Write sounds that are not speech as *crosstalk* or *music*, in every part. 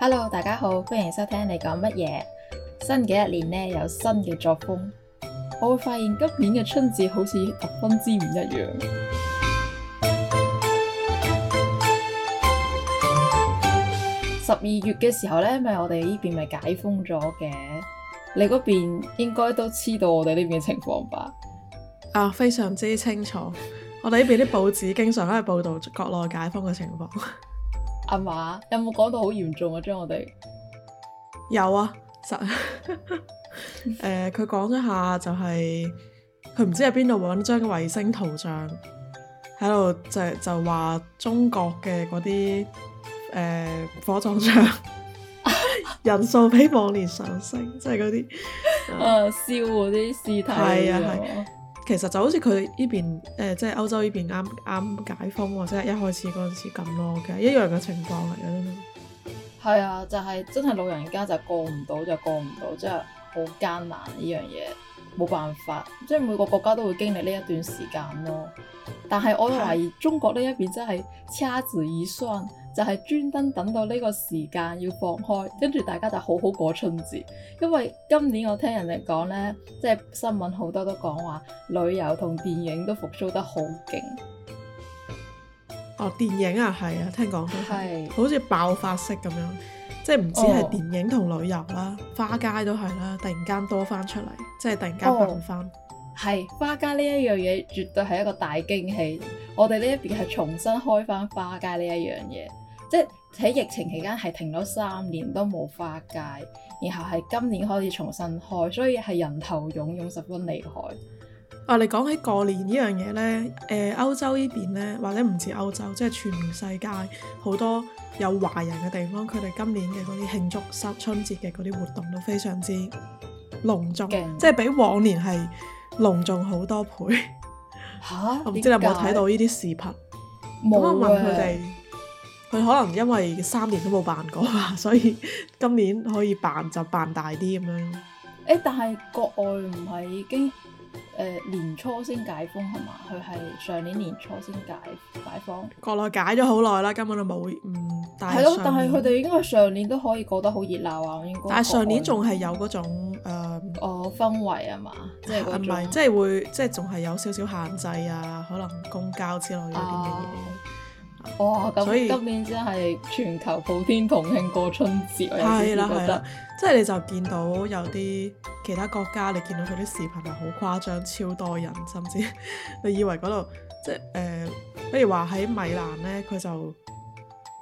Hello，大家好，歡迎收聽你講乜嘢？新嘅一年呢，有新嘅作風。我會發現今年嘅春節好似十分之唔一樣。十二月嘅時候呢，咪我哋呢邊咪解封咗嘅？你嗰邊應該都知道我哋呢邊嘅情況吧？啊，非常之清楚。 *laughs* 我哋呢邊啲報紙經常都係報道國內解封嘅情況。 *laughs* 阿媽有冇講到好嚴重啊？將我哋有啊，實誒，佢講咗下就係佢唔知喺邊度搵張衛星圖像喺度就就話中國嘅嗰啲誒火葬場人數比往年上升， *laughs* 即係嗰啲誒燒嗰啲屍體啊！其實就好似佢呢邊誒，即係歐洲呢邊啱啱解封或者係一開始嗰陣時咁咯，其實一樣嘅情況嚟嘅啫。係啊，就係真係老人家就過唔到，就過唔到，真係好艱難呢樣嘢，冇辦法，即係每個國家都會經歷呢一段時間咯。但係我懷疑中國呢一邊真係掐指一算。的就係專登等到呢個時間要放開，跟住大家就好好過春節。因為今年我聽人哋講呢，即係新聞好多都講話旅遊同電影都復蘇得好勁。哦，電影啊，係啊，聽講係的好似爆發式咁樣，即係唔止係電影同旅遊啦，哦、花街都係啦，突然間多翻出嚟，即係突然間爆翻。哦係花街呢一樣嘢，絕對係一個大驚喜。我哋呢一邊係重新開返花街呢一樣嘢，即係喺疫情期間係停咗三年都冇花街，然後係今年開始重新開，所以係人頭湧湧十分厲害。啊，你講起過年呢樣嘢呢，誒、呃、歐洲呢邊呢，或者唔止歐洲，即係全世界好多有華人嘅地方，佢哋今年嘅嗰啲慶祝春春節嘅嗰啲活動都非常之隆重，怕即係比往年係。隆重好多倍。哈我唔知你有冇睇到呢啲視頻？冇啊！佢哋，佢的可能因為三年都冇辦過啦，所以今年可以辦就辦大啲咁樣。誒，但係國外唔係已經。誒年初先解封係嘛？佢係上年年初先解解封。國內解咗好耐啦，根本都冇。嗯，係咯，但係佢哋應該上年都可以過得好熱鬧啊。應該。但係上年仲係有嗰種誒。哦，氛圍啊嘛？即係嗰種。唔係，即係會，即係仲係有少少限制啊，可能公交之類啲嘢。哇！咁今年真係全球普天同慶過春節，係啦，係啦。即係你就見到有啲其他國家，你見到佢啲視頻係好誇張，超多人，甚至你以為嗰度即係誒，呃、比如話喺米蘭呢，佢就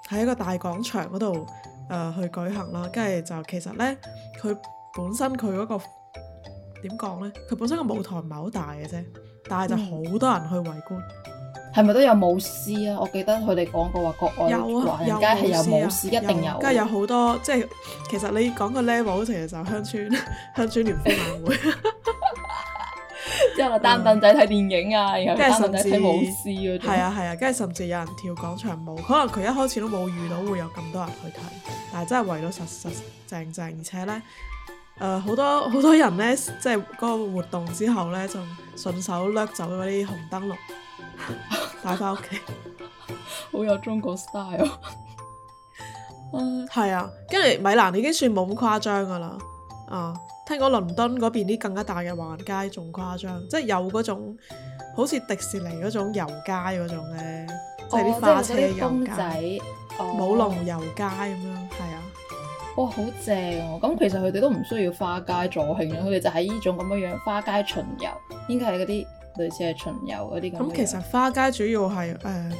喺一個大廣場嗰度誒去舉行啦。跟住就其實呢，佢本身佢、那、嗰個點講呢，佢本身個舞台唔係好大嘅啫，但係就好多人去圍觀。嗯係咪都有舞獅啊？我記得佢哋講過話國外有話人家係有舞、啊、獅，有有啊、一定有。梗係有好多即係其實你講個 level，其實就鄉村鄉村聯歡晚會，即係擔凳仔睇電影啊，然後擔凳仔睇舞獅啊。係啊係啊，跟住甚至有人跳廣場舞。可能佢一開始都冇遇到會有咁多人去睇，但係真係圍到實實，實正，正正，而且咧，誒、呃、好多好多人咧，即係嗰個活動之後咧，就順手掠走嗰啲紅燈籠。帶翻屋企， *laughs* 回家 *laughs* 好有中國 style。係啊，跟住米蘭已經算冇咁誇張噶啦。啊，聽講倫敦嗰邊啲更加大嘅華人街仲誇張，即、就、係、是、有嗰種好似迪士尼嗰種遊街嗰種嘅、就是哦，即係啲花車遊街，舞龍遊街咁樣。係啊，哇、哦，好正、哦。啊！咁其實佢哋都唔需要花街助興，佢哋就喺呢種咁樣樣花街巡遊，應該係嗰啲。類似係巡遊嗰啲咁。咁其實花街主要係誒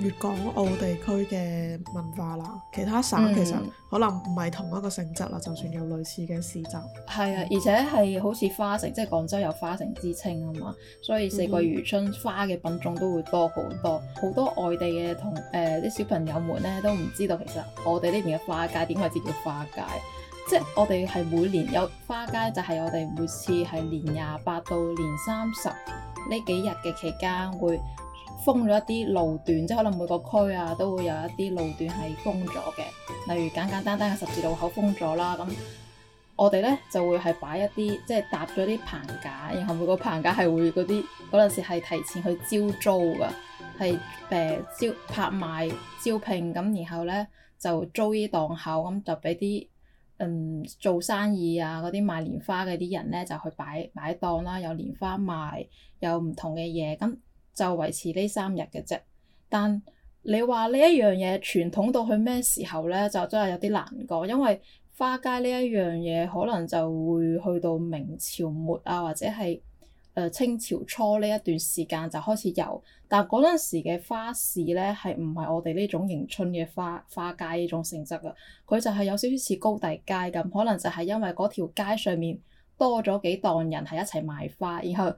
粵港澳地區嘅文化啦，其他省其實可能唔係同一個性質啦。嗯、就算有類似嘅市集，係啊，而且係好似花城，即係廣州有花城之稱啊嘛，所以四季如春，花嘅品種都會多好多。好、嗯、多外地嘅同誒啲、呃、小朋友們咧，都唔知道其實我哋呢邊嘅花街點解叫叫花街，即係我哋係每年有花街，就係我哋每次係年廿八到年三十，呢幾日嘅期間會封咗一啲路段，即係可能每個區啊都會有一啲路段係封咗嘅。例如簡簡單單嘅十字路口封咗啦，咁我哋咧就會係擺一啲即係搭咗啲棚架，然後每個棚架係會嗰啲嗰陣時係提前去招租㗎，係誒招拍賣招聘咁，然後咧就租啲檔口咁就俾啲。嗯，做生意啊，嗰啲賣蓮花嘅啲人呢，就去擺擺檔啦，有蓮花賣，有唔同嘅嘢，咁就維持呢三日嘅啫。但你話呢一樣嘢傳統到去咩時候呢？就真係有啲難過，因為花街呢一樣嘢可能就會去到明朝末啊，或者係。誒、呃、清朝初呢一段時間就開始有，但嗰陣時嘅花市咧係唔係我哋呢種迎春嘅花花街呢種性質啊？佢就係有少少似高第街咁，可能就係因為嗰條街上面多咗幾檔人係一齊賣花，然後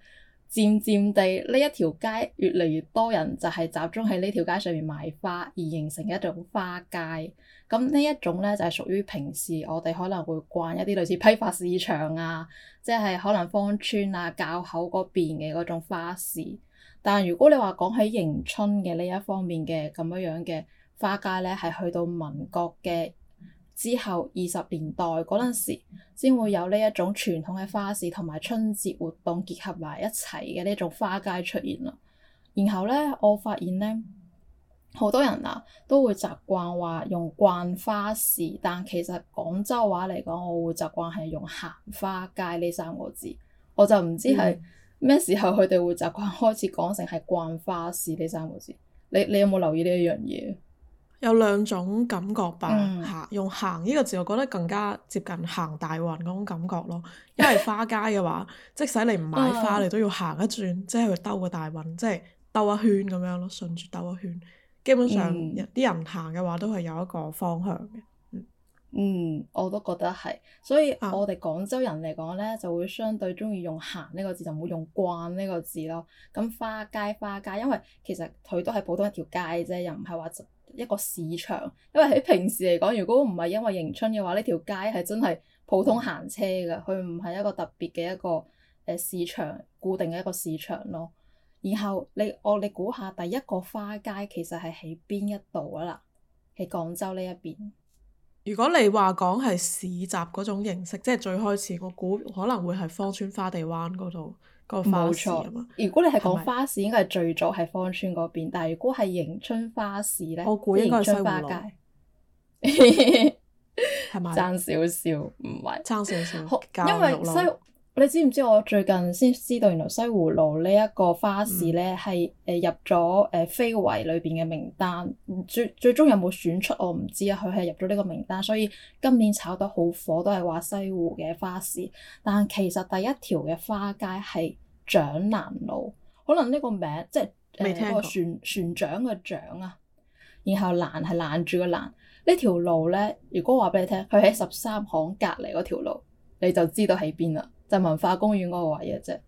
漸漸地呢一條街越嚟越多人就係集中喺呢條街上面賣花而形成一種花街。咁呢一種咧，就係屬於平時我哋可能會逛一啲類似批發市場啊，即係可能芳村啊、滘口嗰邊嘅嗰種花市。但如果你話講起迎春嘅呢一方面嘅咁樣樣嘅花街咧，係去到民國嘅之後二十年代嗰陣時，先會有呢一種傳統嘅花市同埋春節活動結合埋一齊嘅呢種花街出現啦。然後咧，我發現咧。好多人啊，都會習慣話用慣花市，但其實廣州話嚟講，我會習慣係用行花街呢三個字。我就唔知係咩時候佢哋會習慣開始講成係慣花市呢三個字。你你有冇留意呢一樣嘢？有兩種感覺吧。行、嗯、用行呢個字，我覺得更加接近行大運嗰種感覺咯。因為花街嘅話， *laughs* 即使你唔買花，你都要行一轉，即係去兜個大運，即係兜一圈咁樣咯，順住兜一圈。基本上啲、嗯、人行嘅話，都係有一個方向嘅。嗯，嗯我都覺得係，所以我哋廣州人嚟講呢，就會相對中意用行呢、呢個字，就唔會用逛呢、呢個字咯。咁花街花街，因為其實佢都係普通一條街啫，又唔係話一個市場。因為喺平時嚟講，如果唔係因為迎春嘅話，呢條街係真係普通行車嘅。佢唔係一個特別嘅一個市場，固定嘅一個市場咯。然後你我你估下第一個花街其實係喺邊一度啊啦？喺廣州呢一邊？如果你話講係市集嗰種形式，即係最開始，我估可能會係芳村花地灣嗰度個花市啊嘛。如果你係講花市，是是應該係最早係芳村嗰邊。但係如果係迎春花市咧，我估應該係西花街。係咪爭少少？唔係爭少少。因為西。西你知唔知我最近先知道，原來西湖路呢一個花市咧，係誒、嗯、入咗誒、呃、非遺裏邊嘅名單。最最終有冇選出我唔知啊。佢係入咗呢個名單，所以今年炒得好火，都係話西湖嘅花市。但其實第一條嘅花街係槳欄路，可能呢個名即係誒嗰個船船槳嘅槳啊，然後欄係攔住嘅攔。呢條路咧，如果話俾你聽，佢喺十三行隔離嗰條路，你就知道喺邊啦。就文化公園嗰個位嘅啫。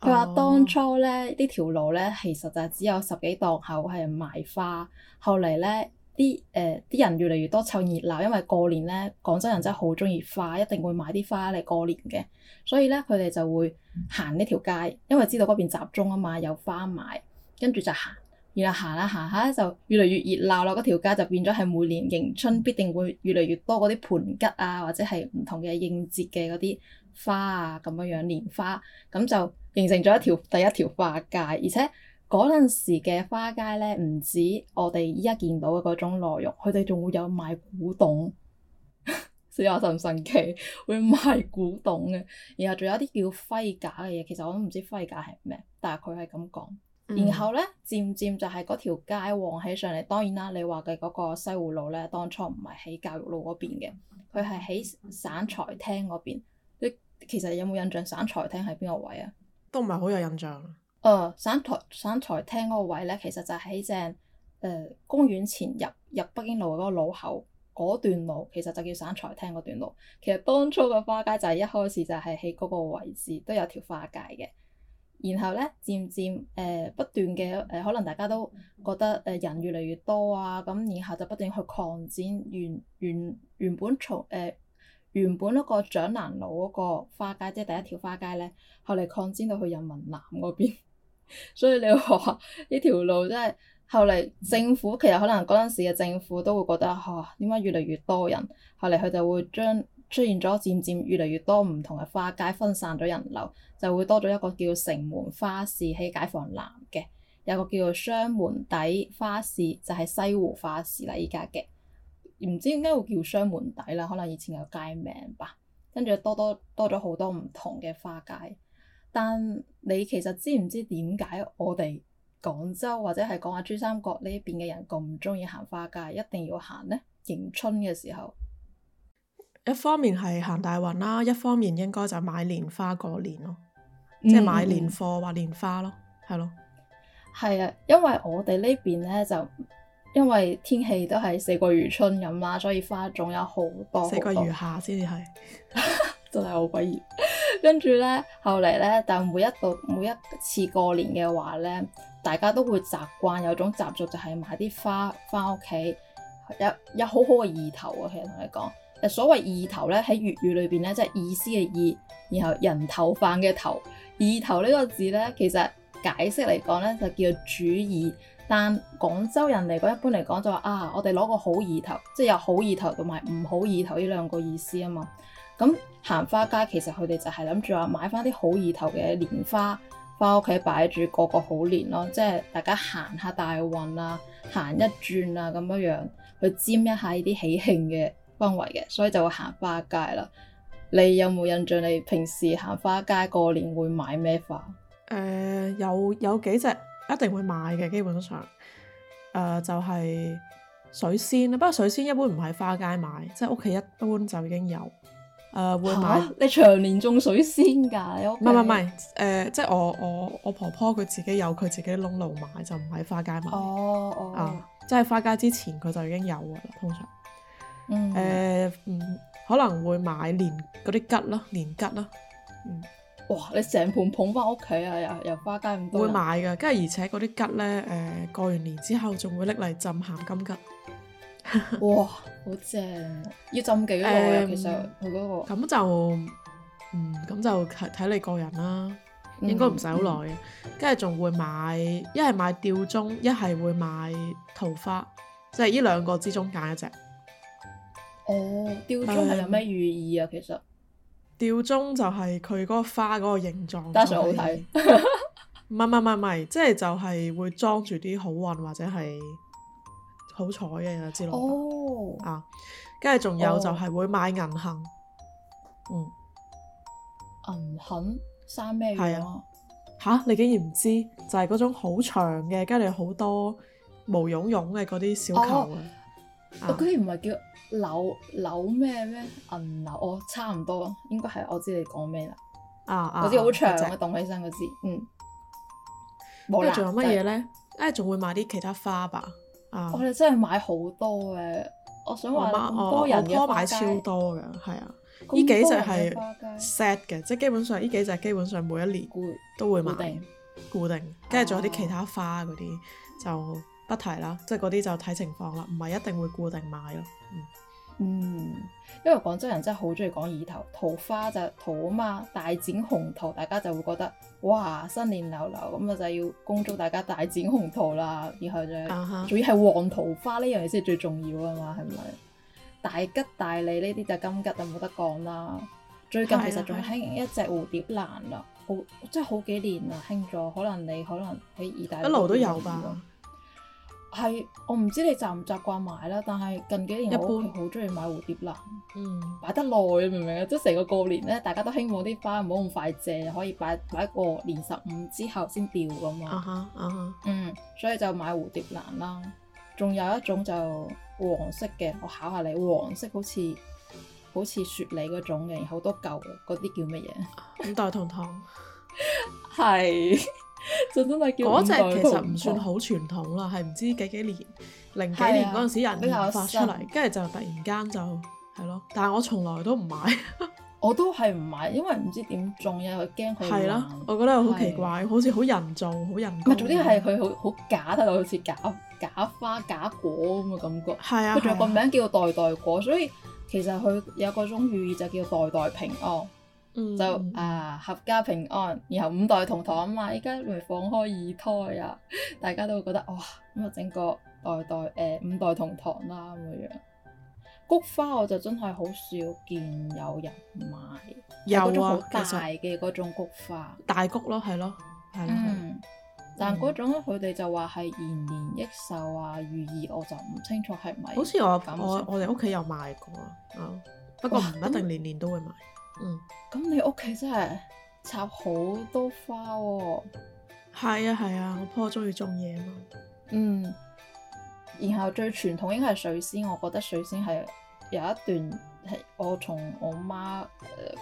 佢話當初咧，Oh. 條呢條路咧其實就只有十幾檔口係賣花。後嚟咧，啲誒啲人越嚟越多湊熱鬧，因為過年咧，廣州人真係好中意花，一定會買啲花嚟過年嘅。所以咧，佢哋就會行呢條街，因為知道嗰邊集中啊嘛，有花賣。跟住就行，然後行啊行下、啊啊、就越嚟越熱鬧啦。嗰條街就變咗係每年迎春必定會越嚟越多嗰啲盆吉啊，或者係唔同嘅應節嘅嗰啲。花啊咁樣樣，蓮花咁就形成咗一條第一條花街，而且嗰陣時嘅花街咧，唔止我哋依家見到嘅嗰種內容，佢哋仲會有賣古董，真係神神奇，會賣古董嘅，然後仲有一啲叫揮假嘅嘢，其實我都唔知揮假係咩，但係佢係咁講。嗯、然後咧，漸漸就係嗰條街旺起上嚟，當然啦，你話嘅嗰個西湖路咧，當初唔係喺教育路嗰邊嘅，佢係喺省財廳嗰邊。其實有冇印象省財廳喺邊個位啊？都唔係好有印象。誒，uh，省財省財廳嗰個位咧，其實就喺正誒公園前入入北京路嗰個路口嗰段路，其實就叫省財廳嗰段路。其實當初嘅花街就係一開始就係喺嗰個位置都有條花街嘅。然後咧，漸漸誒不斷嘅誒，可能大家都覺得誒人越嚟越多啊，咁然後就不斷去擴展原原原本從誒。呃原本嗰個長南路嗰個花街，即係第一條花街呢，後嚟擴展到去人民南嗰邊。 *laughs* 所以你話呢 *laughs* 條路真係後嚟政府其實可能嗰陣時嘅政府都會覺得吓，點解越嚟越多人？後嚟佢就會將出現咗漸漸越嚟越多唔同嘅花街，分散咗人流，就會多咗一個叫城門花市喺解放南嘅，有個叫做雙門底花市，就係西湖花市啦，依家嘅。唔知點解會叫雙門底啦，可能以前有街名吧。跟住多多多咗好多唔同嘅花街，但你其實知唔知點解我哋廣州或者係講下珠三角呢邊嘅人咁中意行花街，一定要行呢？迎春嘅時候，一方面係行大運啦，一方面應該買、嗯、就買年花過年咯，即係買年貨或年花咯，係咯。係啊，因為我哋呢邊呢就。因為天氣都係四季如春咁啦，所以花種有好多好多。四季如夏先至係， *laughs* 真係好鬼熱。跟住咧，後嚟咧，但每一度每一次過年嘅話咧，大家都會習慣有種習俗，就係買啲花翻屋企。有有好好嘅意頭啊！其實同你講，所謂意頭咧，喺粵語裏邊咧，即係意思嘅意，然後人頭飯嘅頭。意頭呢個字咧，其實解釋嚟講咧，就叫做主意。但廣州人嚟講，一般嚟講就話啊，我哋攞個好意頭，即係有好意頭同埋唔好意頭呢兩個意思啊嘛。咁行花街其實佢哋就係諗住話買翻啲好意頭嘅蓮花，翻屋企擺住，過個好年咯，即係大家行下大運啊，行一轉啊咁樣樣去沾一下呢啲喜慶嘅氛圍嘅，所以就會行花街啦。你有冇印象？你平時行花街過年會買咩花？誒、呃，有有，有幾隻。一定會買嘅，基本上，誒、呃，就係、是、水仙。不過水仙一般唔喺花街買，即係屋企一般就已經有。誒、呃，會買？你長年種水仙噶？唔係唔係唔係，誒、呃，即係我我我婆婆佢自己有，佢自己窿路買，就唔喺花街買。哦哦。啊、哦呃，即係花街之前佢就已經有噶啦，通常。嗯。誒、呃，可能會買年嗰啲桔咯，年桔咯。嗯。哇！你成盆捧翻屋企啊，又又花街咁多。會買噶，跟住而且嗰啲桔咧，誒、呃，過完年之後仲會拎嚟浸鹹金桔。 *laughs* 哇，好正！要浸幾耐啊？嗯、其實佢嗰個。咁就，嗯，咁就睇睇你個人啦。應該唔使好耐嘅，跟住仲會買，一係買吊鐘，一係會買桃花，即係呢兩個之中揀一隻。哦、嗯，吊鐘係有咩寓意啊？其實。吊鐘就係佢嗰個花嗰個形狀，但係好睇。唔係唔係唔係，即係就係會裝住啲好運或者係好彩嘅之類。哦，啊，跟住仲有就係會買銀杏，嗯，銀杏生咩樣啊？吓，你竟然唔知？就係嗰種好長嘅，跟住好多毛茸茸嘅嗰啲小球。Oh. 啊，嗰啲唔係叫。柳柳咩咩銀柳哦，差唔多，應該係我知你講咩啦。啊啊！嗰支好長嘅動起身嗰支，嗯。跟住仲有乜嘢咧？哎，仲會買啲其他花吧？啊！我哋真係買好多嘅。我想話咁多人嘅花街，超多嘅，係啊。呢幾隻係 set 嘅，即係基本上呢幾隻基本上每一年都會買固定，跟住仲有啲其他花嗰啲就不提啦，即係嗰啲就睇情況啦，唔係一定會固定買咯。嗯，因為廣州人真係好中意講意頭，桃花就桃啊嘛，大展鴻圖，大家就會覺得哇，新年流流咁啊，就要恭祝大家大展鴻圖啦。然後就是，仲要係黃桃花呢樣嘢先係最重要啊嘛，係咪？大吉大利呢啲就金桔就冇得講啦。最近其實仲興一隻蝴蝶蘭啦，uh huh. 好真係好幾年啦，興咗，可能你可能喺二大一路都有吧。係，我唔知你習唔習慣買啦，但係近幾年一般好中意買蝴蝶蘭，嗯，擺得耐，明唔明啊？即係成個過年咧，大家都希望啲花唔好咁快謝，可以擺擺個年十五之後先掉咁嘛。啊嗯，所以就買蝴蝶蘭啦。仲有一種就黃色嘅，我考下你，黃色好似好似雪梨嗰種嘅，好多嚿嗰啲叫乜嘢？五代、啊、同堂。係。 *laughs* 就真係叫嗰隻其實唔算好傳統啦，係唔知幾幾年，零幾年嗰陣時人啲人發出嚟，跟住、啊、就突然間就係咯。但係我從來都唔買， *laughs* 我都係唔買，因為唔知點種，又驚佢爛。係啦、啊，我覺得好奇怪，啊、好似好人造，好人工。唔係，總之係佢好好假，係咯，好似假假花、假果咁嘅感覺。係啊，佢仲有個名叫、啊、代代果，所以其實佢有嗰種寓意就叫代代平安。哦就啊，合家平安，然後五代同堂啊嘛！依家咪放開二胎啊，大家都會覺得哇，咁、哦、啊、嗯、整個代代誒、呃、五代同堂啦咁嘅樣。菊花我就真係好少見有人買，有、啊、種好大嘅嗰種菊花。大菊咯，係咯，係咯。嗯嗯、但嗰種佢哋就話係延年益壽啊，寓意我就唔清楚係咪。好似我我我哋屋企有買過，哦、不過唔一定年年都會買。哦哦嗯，咁你屋企真係插好多花喎、哦。係啊係啊，我頗中意種嘢嘛。嗯，然後最傳統應該係水仙，我覺得水仙係有一段係我從我媽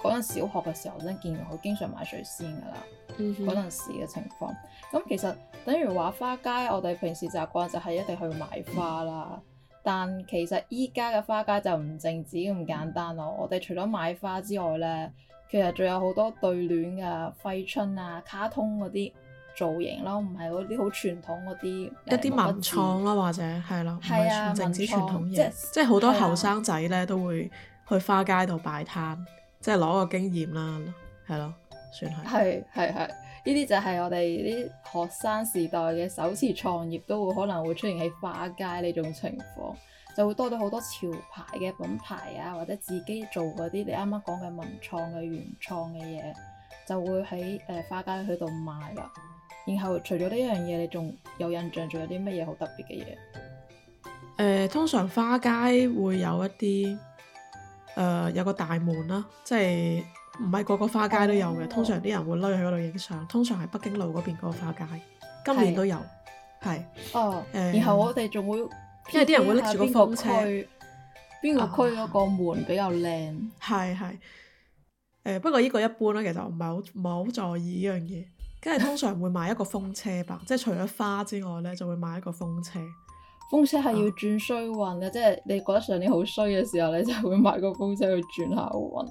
嗰陣小學嘅時候先見住佢經常買水仙噶啦，嗰陣、嗯、哼時嘅情況。咁其實等於話花街，我哋平時習慣就係一定去買花啦。嗯但其實依家嘅花街就唔淨止咁簡單咯。我哋除咗買花之外呢，其實仲有好多對聯嘅揮春啊、卡通嗰啲造型咯，唔係嗰啲好傳統嗰啲，一啲文創咯，或者係啦，唔係淨止傳統嘢。即係好多後生仔呢都會去花街度擺攤，的即係攞個經驗啦，係咯，算係係係係。呢啲就係我哋啲學生時代嘅首次創業，都會可能會出現喺花街呢種情況，就會多咗好多潮牌嘅品牌啊，或者自己做嗰啲你啱啱講嘅文創嘅原創嘅嘢，就會喺誒、呃、花街去度賣啦。然後除咗呢一樣嘢，你仲有印象仲有啲乜嘢好特別嘅嘢？誒、呃，通常花街會有一啲誒、呃、有個大門啦、啊，即係。唔係個個花街都有嘅，通常啲人會攞入去嗰度影相。通常係北京路嗰邊個花街，今年都有，係。哦。嗯、然後我哋仲會，因為啲人會拎住個風車，邊個區嗰個，個門、啊、比較靚？係係、呃。不過呢個一般啦，其實唔係好唔好在意呢樣嘢。跟住通常會買一個風車吧，即係 *laughs* 除咗花之外呢，就會買一個風車。風車係要轉衰運嘅，啊、即係你覺得上年好衰嘅時候，呢，就會買個風車去轉下運。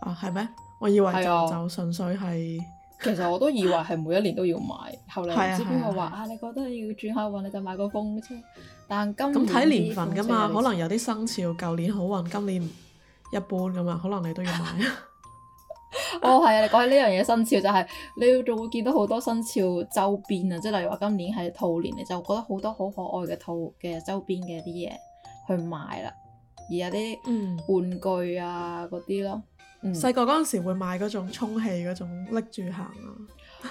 啊，係咩？我以為就、啊、就純粹係，其實我都以為係每一年都要買。後嚟唔知邊個話啊，你覺得要轉下運，你就買個風車。但今咁睇年份㗎嘛，可能有啲生肖，舊年好運，今年一般咁嘛，可能你都要買。 *laughs* *laughs* 哦，係啊，你講起呢樣嘢，生肖就係、是、你要仲會見到好多生肖周邊啊，即係例如話今年係兔年，你就覺得好多好可愛嘅兔嘅周邊嘅啲嘢去買啦，而有啲玩具啊嗰啲咯。嗯細個嗰陣時會買嗰種充氣嗰種拎住行啊，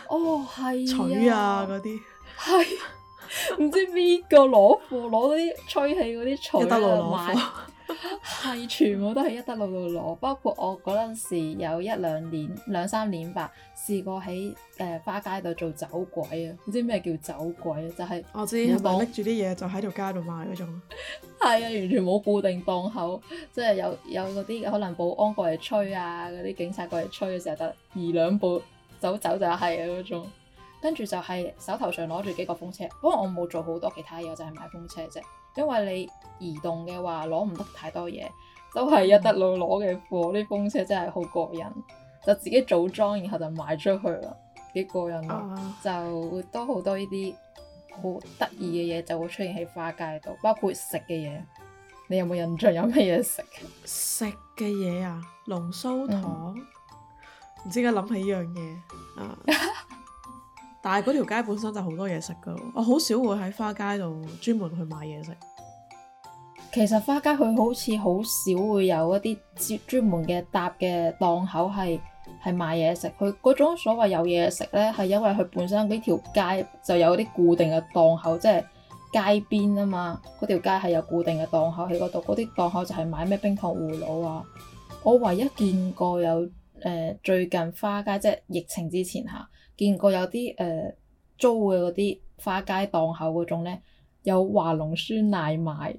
哦係、啊，錘啊嗰啲，係唔知邊個攞貨攞嗰啲吹氣嗰啲錘得攞賣。 *laughs* 係 *laughs* 全部都係一德路度攞，包括我嗰陣時有一兩年兩三年吧，試過喺誒、呃、花街度做走鬼啊！唔知咩叫走鬼啊？就係、是、我知，係咪拎住啲嘢就喺條街度賣嗰種？係啊， *laughs* 完全冇固定檔口，即係有有嗰啲可能保安過嚟催啊，嗰啲警察過嚟催嘅時候就移兩步走走就係啊嗰種。跟住就係手頭上攞住幾個風車，不過我冇做好多其他嘢，就係買風車啫。因為你移動嘅話攞唔得太多嘢，都係一德路攞嘅貨。啲、嗯、風車真係好過癮，就自己組裝然後就賣出去啦，幾過癮！啊、就會多好多呢啲好得意嘅嘢就會出現喺花街度，包括食嘅嘢。你有冇印象有咩嘢食？食嘅嘢啊，龍鬚糖。唔、嗯、知點解諗起呢樣嘢啊！ *laughs* 但係嗰條街本身就好多嘢食㗎，我、哦、好少會喺花街度專門去買嘢食。其實花街佢好似好少會有一啲專專門嘅搭嘅檔口係係賣嘢食。佢嗰種所謂有嘢食咧，係因為佢本身嗰條街就有啲固定嘅檔口，即係街邊啊嘛。嗰條街係有固定嘅檔口喺嗰度，嗰啲檔口就係買咩冰糖葫蘆啊。我唯一見過有誒、呃、最近花街即係疫情之前嚇。見過有啲誒、呃、租嘅嗰啲花街檔口嗰種咧，有華龍酸奶賣，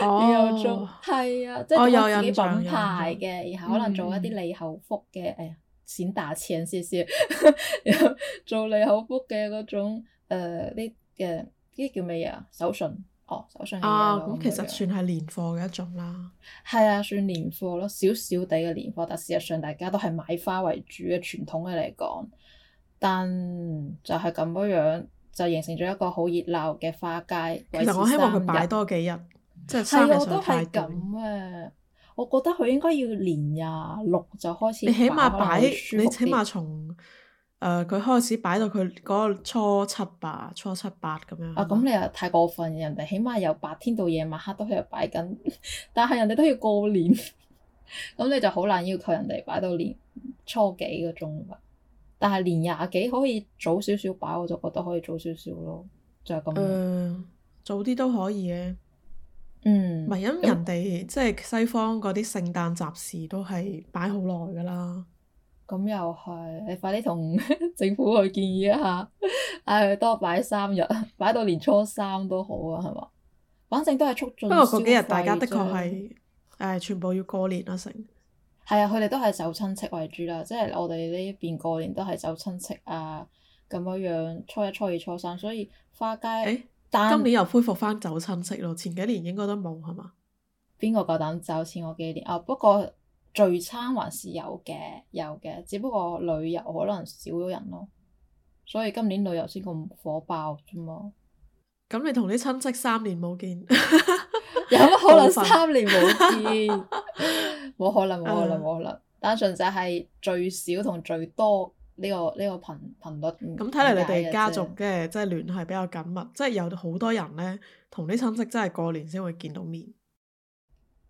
有種係啊，即係做啲品牌嘅，然後可能做一啲利口福嘅誒、嗯哎，先打錢少少， *laughs* 然後做利口福嘅嗰種呢啲嘅呢叫咩嘢啊，手信。哦，手上咁、啊、樣其實算係年貨嘅一種啦。係啊，算年貨咯，少少地嘅年貨，但事實上大家都係買花為主嘅傳統嘅嚟講，但就係咁樣，就形成咗一個好熱鬧嘅花街。其實我希望佢擺多幾日，即係對三日曬太短。我覺得佢應該要年廿六就開始，你起碼擺，你起碼從。誒，佢、呃、開始擺到佢嗰個初七吧，初七八咁樣。啊，咁你又太過分，人哋起碼由白天到夜晚黑都喺度擺緊， *laughs* 但係人哋都要過年，咁 *laughs* 你就好難要求人哋擺到年初幾個鐘。但係年廿幾可以早少少擺，我就覺得可以早少少咯，就係、是、咁、呃。早啲都可以嘅。嗯。咪因人哋就即係西方嗰啲聖誕集市都係擺好耐噶啦。咁又係，你快啲同政府去建議一下，嗌佢多擺三日，擺到年初三都好啊，係嘛？反正都係促進。不過嗰幾日大家的確係誒、哎、全部要過年啦，成。係啊，佢哋都係走親戚為主啦，即係我哋呢邊過年都係走親戚啊咁樣樣，初一、初二、初三，所以花街誒、欸、但今年又恢復翻走親戚咯，前幾年應該都冇係嘛？邊個夠膽走前嗰幾年啊？不過。聚餐還是有嘅，有嘅，只不過旅遊可能少咗人咯，所以今年旅遊先咁火爆啫嘛。咁你同啲親戚三年冇見。 *laughs* 有乜可能三年冇見？冇 *laughs* 可能，冇 *laughs* 可能，冇可能。單純、嗯、就係最少同最多呢、呢個呢、呢個頻頻率。咁睇嚟你哋家族嘅即係聯繫比較緊密，即係有好多人咧同啲親戚真係過年先會見到面。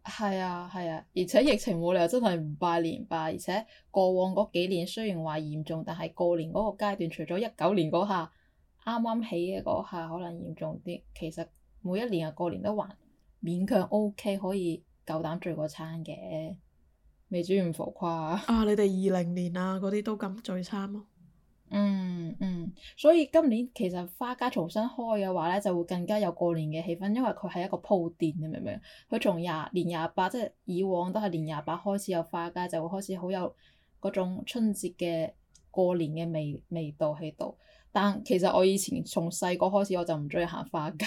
係啊，係啊，而且疫情冇理由真係唔拜年拜，而且過往嗰幾年雖然話嚴重，但係過年嗰個階段，除咗一九年嗰下啱啱起嘅嗰下可能嚴重啲，其實每一年啊過年都還勉強 OK，可以夠膽聚個餐嘅，未至於浮誇啊！你哋二零年啊嗰啲都敢聚餐咯？嗯嗯。所以今年其實花街重新開嘅話咧，就會更加有過年嘅氣氛，因為佢係一個鋪墊，你明唔明？佢從廿年廿八，即係以往都係年廿八開始有花街，就會開始好有嗰種春節嘅過年嘅味味道喺度。但其實我以前從細個開始我就唔中意行花街，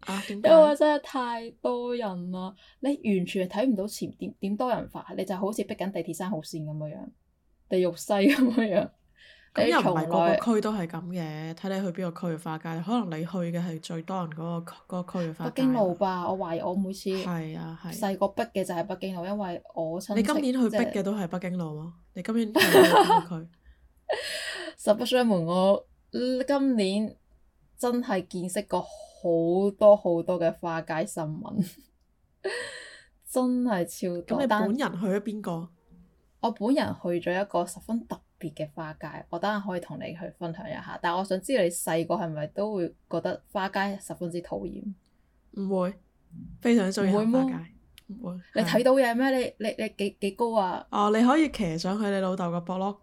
啊，點解？因為真係太多人啦，你完全睇唔到前點點多人發，你就好似逼緊地鐵三號線咁嘅樣，地獄西咁嘅樣。 *laughs* 咁又唔係個個區都係咁嘅，睇來你去邊個區花街。可能你去嘅係最多人嗰、嗰個嗰個區嗰個嘅花街。北京路吧，我懷疑我每次係啊係。細個逼嘅就係北京路，因為我親戚你今年去逼嘅都係北京路嗎？就係、你今年去邊個區？實不相瞞，我今年真係見識過好多好多嘅花街新聞， *laughs* 真係超多。咁你本人去咗邊個？ *laughs* 我本人去咗一個十分特別別嘅花街，我等下可以同你去分享一下。但我想知道你細個係咪都會覺得花街十分之討厭？唔會，非常之中意花街。會你睇到嘢咩？你你，你幾幾高啊？哦，你可以騎上去你老豆個膊攞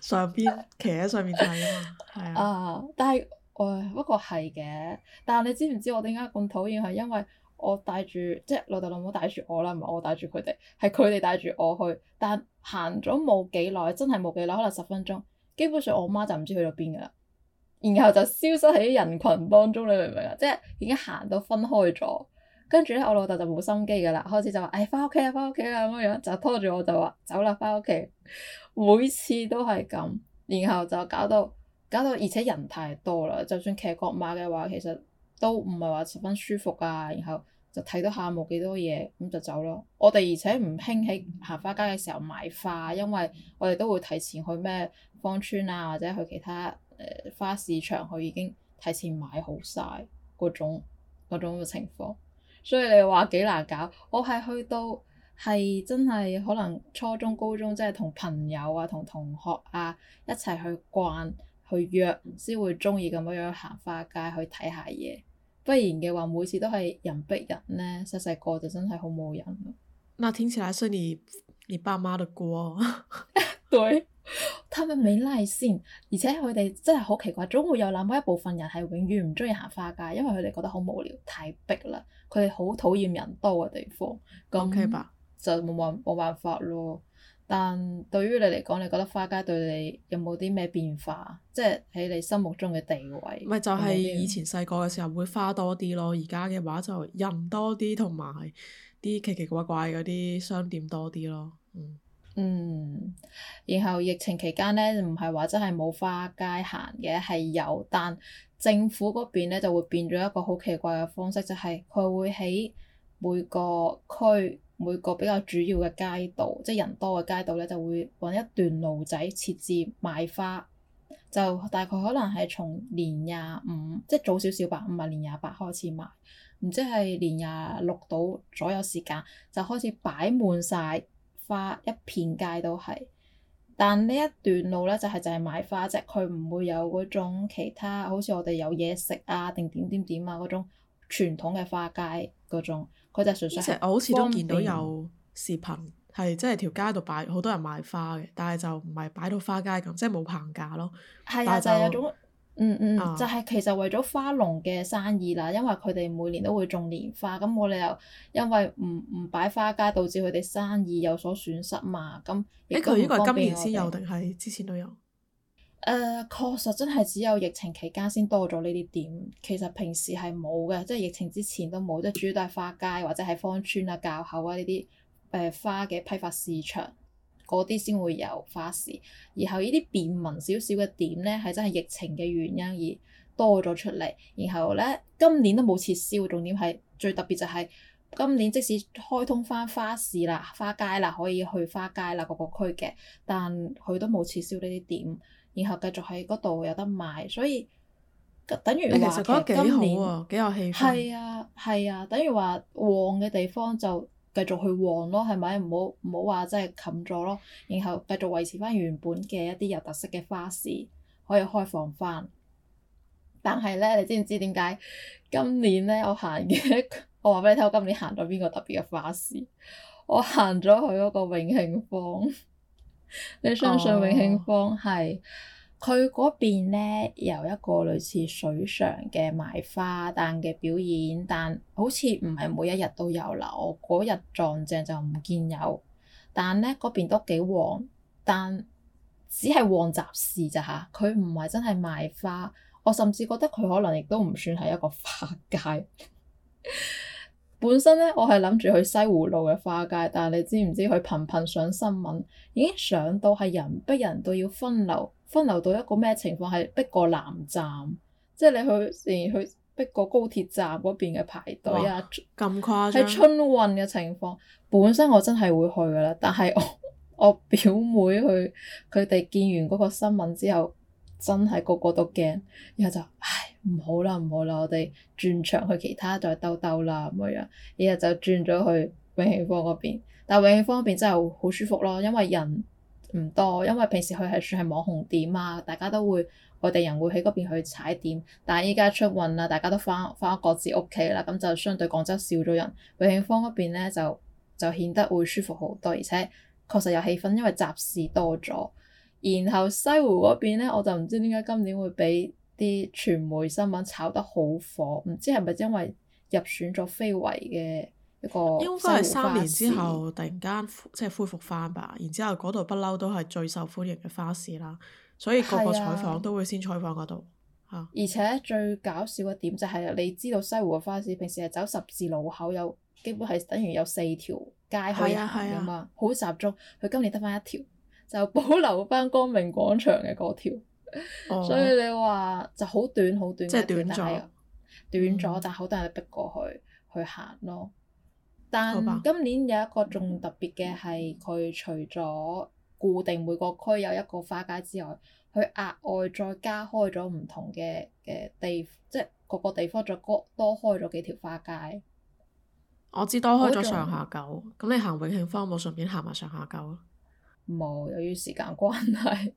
上邊騎喺上面睇啊嘛，係 *laughs* 的啊。但係唉、哎，不過係嘅。但你知唔知我點解咁討厭係因為？我帶住即係老豆老母帶住我啦，唔係我帶住佢哋，係佢哋帶住我去。但行咗冇幾耐，真係冇幾耐，可能十分鐘，基本上我媽就唔知去咗邊㗎啦。然後就消失喺人群當中，你明唔明啊？即係已經行到分開咗，跟住咧我老豆就冇心機㗎啦，開始就話，誒、哎，翻屋企啦，翻屋企啦，咁樣樣就拖住我就話走啦，翻屋企。每次都係咁，然後就搞到搞到，而且人太多啦，就算騎國馬嘅話，其實都唔係話十分舒服啊。然後就睇到下冇幾多嘢，咁就走咯。我哋而且唔興喺行花街嘅時候買花，因為我哋都會提前去咩芳村啊，或者去其他誒、呃、花市場去已經提前買好晒嗰種嗰種嘅情況。所以你話幾難搞，我係去到係真係可能初中、高中即係同朋友啊、同同學啊一齊去逛、去約先會中意咁樣行花街去睇下嘢。不然嘅話，每次都係人逼人咧，細細個就真係好冇癮。那聽起來是你你爸媽的鍋。 *laughs* *laughs* *laughs* 對，他們未拉先，而且佢哋真係好奇怪，總會有那麼一部分人係永遠唔中意行花街，因為佢哋覺得好無聊，太逼啦，佢哋好討厭人多嘅地方。咁 ok 吧，就冇辦冇辦法咯。但對於你嚟講，你覺得花街對你有冇啲咩變化？即係喺你心目中嘅地位。咪就係以前細個嘅時候會花多啲咯，而家嘅話就人多啲同埋啲奇奇怪怪嗰啲商店多啲咯。嗯。然後疫情期間咧，唔係話真係冇花街行嘅，係有，但政府嗰邊咧就會變咗一個好奇怪嘅方式，就係、是、佢會喺每個區，每個比較主要嘅街道，即係人多嘅街道咧，就會揾一段路仔設置賣花，就大概可能係從年廿五即係早少少吧，唔係年廿八開始賣，唔知係年廿六度左右時間就開始擺滿晒花，一片街都係。但呢一段路咧就係就係賣花啫，佢唔會有嗰種其他，好似我哋有嘢食啊定點點點啊嗰種傳統嘅花街嗰種。佢就純粹我好似都見到有視頻，係便即係條街度擺好多人賣花嘅，但係就唔係擺到花街咁，即係冇棚架咯。係啊，但就係有種，嗯嗯，就係、是、其實為咗花農嘅生意啦，因為佢哋每年都會種蓮花，咁冇、嗯、理由因為唔唔擺花街，導致佢哋生意有所損失嘛。咁呢、欸、個呢個係今年先有定係之前都有？誒，uh, 確實真係只有疫情期間先多咗呢啲點，其實平時係冇嘅，即係疫情之前都冇，即係主要都係花街或者係芳村啊、滘口啊呢啲誒花嘅批發市場，嗰啲先會有花市。然後呢啲便民少少嘅點咧，係真係疫情嘅原因而多咗出嚟。然後咧，今年都冇撤銷，重點係最特別就係、是。今年即使開通翻花市啦、花街啦，可以去花街啦各個區嘅，但佢都冇撤銷呢啲店，然後繼續喺嗰度有得賣，所以等於話今年幾、啊、有氣氛？係啊係啊，等於話旺嘅地方就繼續去旺咯，係咪？唔好唔好話即係冚咗咯，然後繼續維持翻原本嘅一啲有特色嘅花市可以開放翻。但係咧，你知唔知點解今年咧我行嘅？ *laughs* 我話俾你聽，我今年行咗邊個特別嘅花市？我行咗去嗰個永慶坊。 *laughs* 你相信永慶坊係佢嗰邊呢，有一個類似水上嘅賣花旦嘅表演，但好似唔係每一日都有。我嗰日撞正就唔見有，但呢，嗰邊都幾旺，但只係旺雜市咋。嚇，佢唔係真係賣花。我甚至覺得佢可能亦都唔算係一個花街。 *laughs* 本身咧，我係諗住去西湖路嘅花街，但係你知唔知佢頻頻上新聞，已經上到係人逼人都要分流，分流到一個咩情況係逼過南站，即係你去去逼過高鐵站嗰邊嘅排隊啊，咁誇張係春運嘅情況。本身我真係會去㗎喇，但係我我表妹佢佢哋見完嗰個新聞之後，真係個個都驚，然後就唉，唔好啦唔好啦，我哋轉場去其他再兜兜啦咁樣。然後就轉咗去永慶坊嗰邊，但永慶坊嗰邊真係好舒服咯，因為人唔多，因為平時佢係算係網紅店啊，大家都會外地人會喺嗰邊去踩點。但係依家出運啦，大家都返返各自屋企啦，咁就相對廣州少咗人，永慶坊嗰邊呢就就顯得會舒服好多，而且確實有氣氛，因為集市多咗。然後西湖嗰邊咧，我就唔知點解今年會俾啲傳媒新聞炒得好火，唔知係咪因為入選咗非遺嘅一個西湖花市。應該係三年之後突然間即係恢復翻吧。然之後嗰度不嬲都係最受歡迎嘅花市啦，所以個個採訪都會先採訪嗰度。而且最搞笑嘅點就係，你知道西湖嘅花市平時係走十字路口，有基本係等於有四條街可以行噶嘛，係啊、係啊、好集中。佢今年得翻一條。就保留翻光明廣場嘅嗰條，oh. 所以你話就好短，好短，好短即係短咗，短咗，但好多人逼過去、嗯、去行咯。但今年有一個仲特別嘅係，佢吧除咗固定每個區有一個花街之外，佢額外再加開咗唔同嘅嘅地，即係各個地方再多多開咗幾條花街。我知多開咗上下九，咁了你行永慶坊冇順便行埋上，上下九？冇，由於時間關係，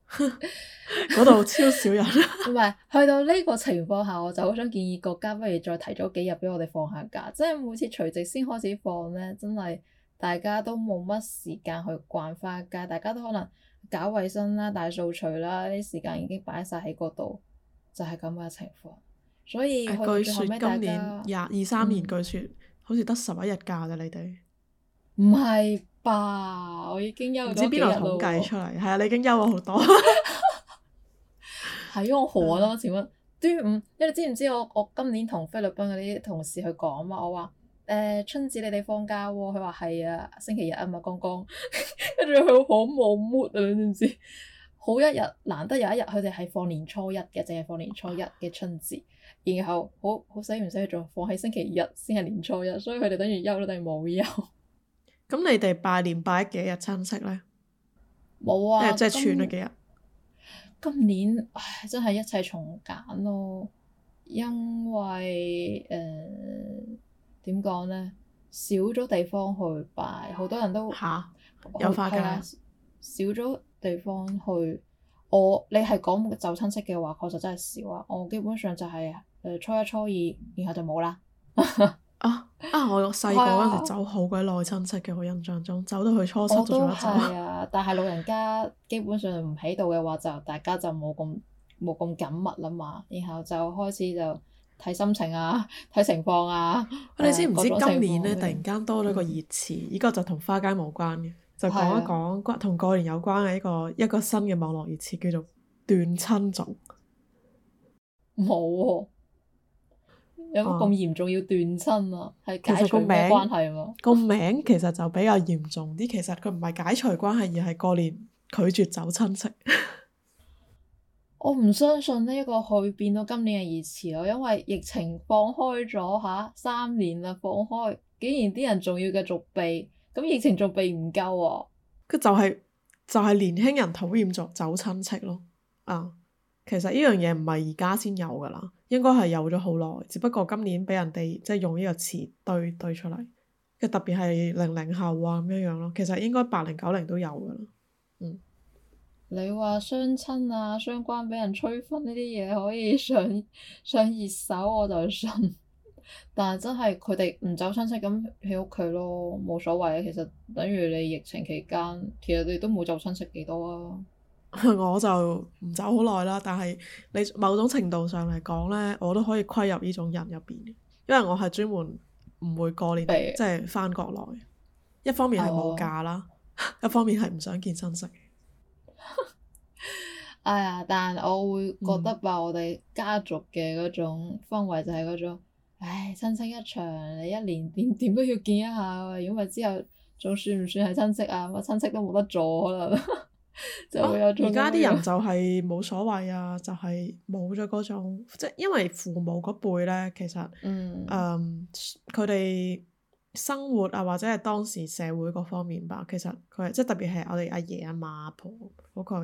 嗰度超少人。唔係，去到呢個情況下，我就好想建議國家，不如再提早幾日俾我哋放下假。即係每次除夕先開始放呢，真係大家都冇乜時間去逛花街，大家都可能搞衞生啦、大掃除啦，啲時間已經擺晒喺嗰度，就係咁嘅情況。所以據説今年廿二三年據說，據説、嗯、好似得十一日假咋你哋？唔係。吧，我已經休咗一日，知邊度統計出嚟？係啊， *laughs* 你已經休咗好多。係、 *laughs* 哎、我好咯，請問端午， *laughs* 因為你知唔知我我今年同菲律賓嗰啲同事去講啊？我話誒、欸、春節你哋放假喎、哦，佢話係啊，星期日啊嘛，剛剛。跟住佢好冇 mood 啊，你知唔知？好一日，難得有一日佢哋係放年初一嘅，淨係放年初一嘅春節。然後好好死唔死去做，放喺星期日先係年初一，所以佢哋等於休都係冇休。咁你哋拜年拜咗幾日親戚呢？冇啊！即係串咗幾日。今年唉，真係一切從簡咯，因為誒點講呢？少咗地方去拜，好多人都吓，啊、去有化噶。少咗地方去，我你係講走親戚嘅話，確實真係少啊。我基本上就係、是、誒、呃、初一、初二，然後就冇啦。 *laughs* 啊！啊！我細個走好鬼耐親戚嘅，我印象中走到去初七就唔得走。我都係啊，但係老人家基本上唔喺度嘅話，就大家就冇咁冇咁緊密啦嘛。然後就開始就睇心情啊，睇情況啊。啊啊，你知唔知今年咧突然間多咗個熱詞？呢個、嗯、就同花街冇關嘅，就講一講同是、啊、過年有關嘅一個一個新嘅網絡熱詞，叫做斷親族。冇。有冇咁嚴重要斷親啊？係解除咩關係啊？個名，個名其實就比較嚴重啲，其實佢唔係解除關係，而係過年拒絕走親戚。 *laughs* 我唔相信呢一個去變到今年嘅熱詞咯，因為疫情放開咗嚇、啊、三年啦，放開竟然啲人仲要繼續避，咁疫情仲避唔夠喎。佢就係、是、就係、是、年輕人討厭咗走親戚咯。啊，其實呢樣嘢唔係而家先有㗎啦。應該係有咗好耐，只不過今年畀人哋即係用呢個詞對對出嚟，即特別係零零後啊咁樣樣咯。其實應該八零九零都有噶啦。嗯，你話相親啊、相關畀人催婚呢啲嘢可以上上熱搜我就信，但係真係佢哋唔走親戚咁喺屋企咯，冇所謂啊。其實等於你疫情期間，其實你都冇走親戚幾多啊。我就唔走好耐啦，但係你某種程度上嚟講呢，我都可以歸入呢種人入邊，因為我係專門唔會過年，即係返國內，一方面係冇假啦，一方面係唔想見親戚。哎呀，但係我會覺得吧，我哋家族嘅嗰種氛圍就係嗰種，唉，親親一場，你一年連點都要見一下，如果咪之後仲算唔算係親戚啊？我親戚都冇得咗啦～就而家啲人就係冇所謂啊， *laughs* 就係冇咗嗰種即係，因為父母嗰輩咧，其實嗯，佢哋、嗯、生活啊，或者係當時社會嗰方面吧，其實佢即係特別係我哋阿爺阿媽阿婆嗰個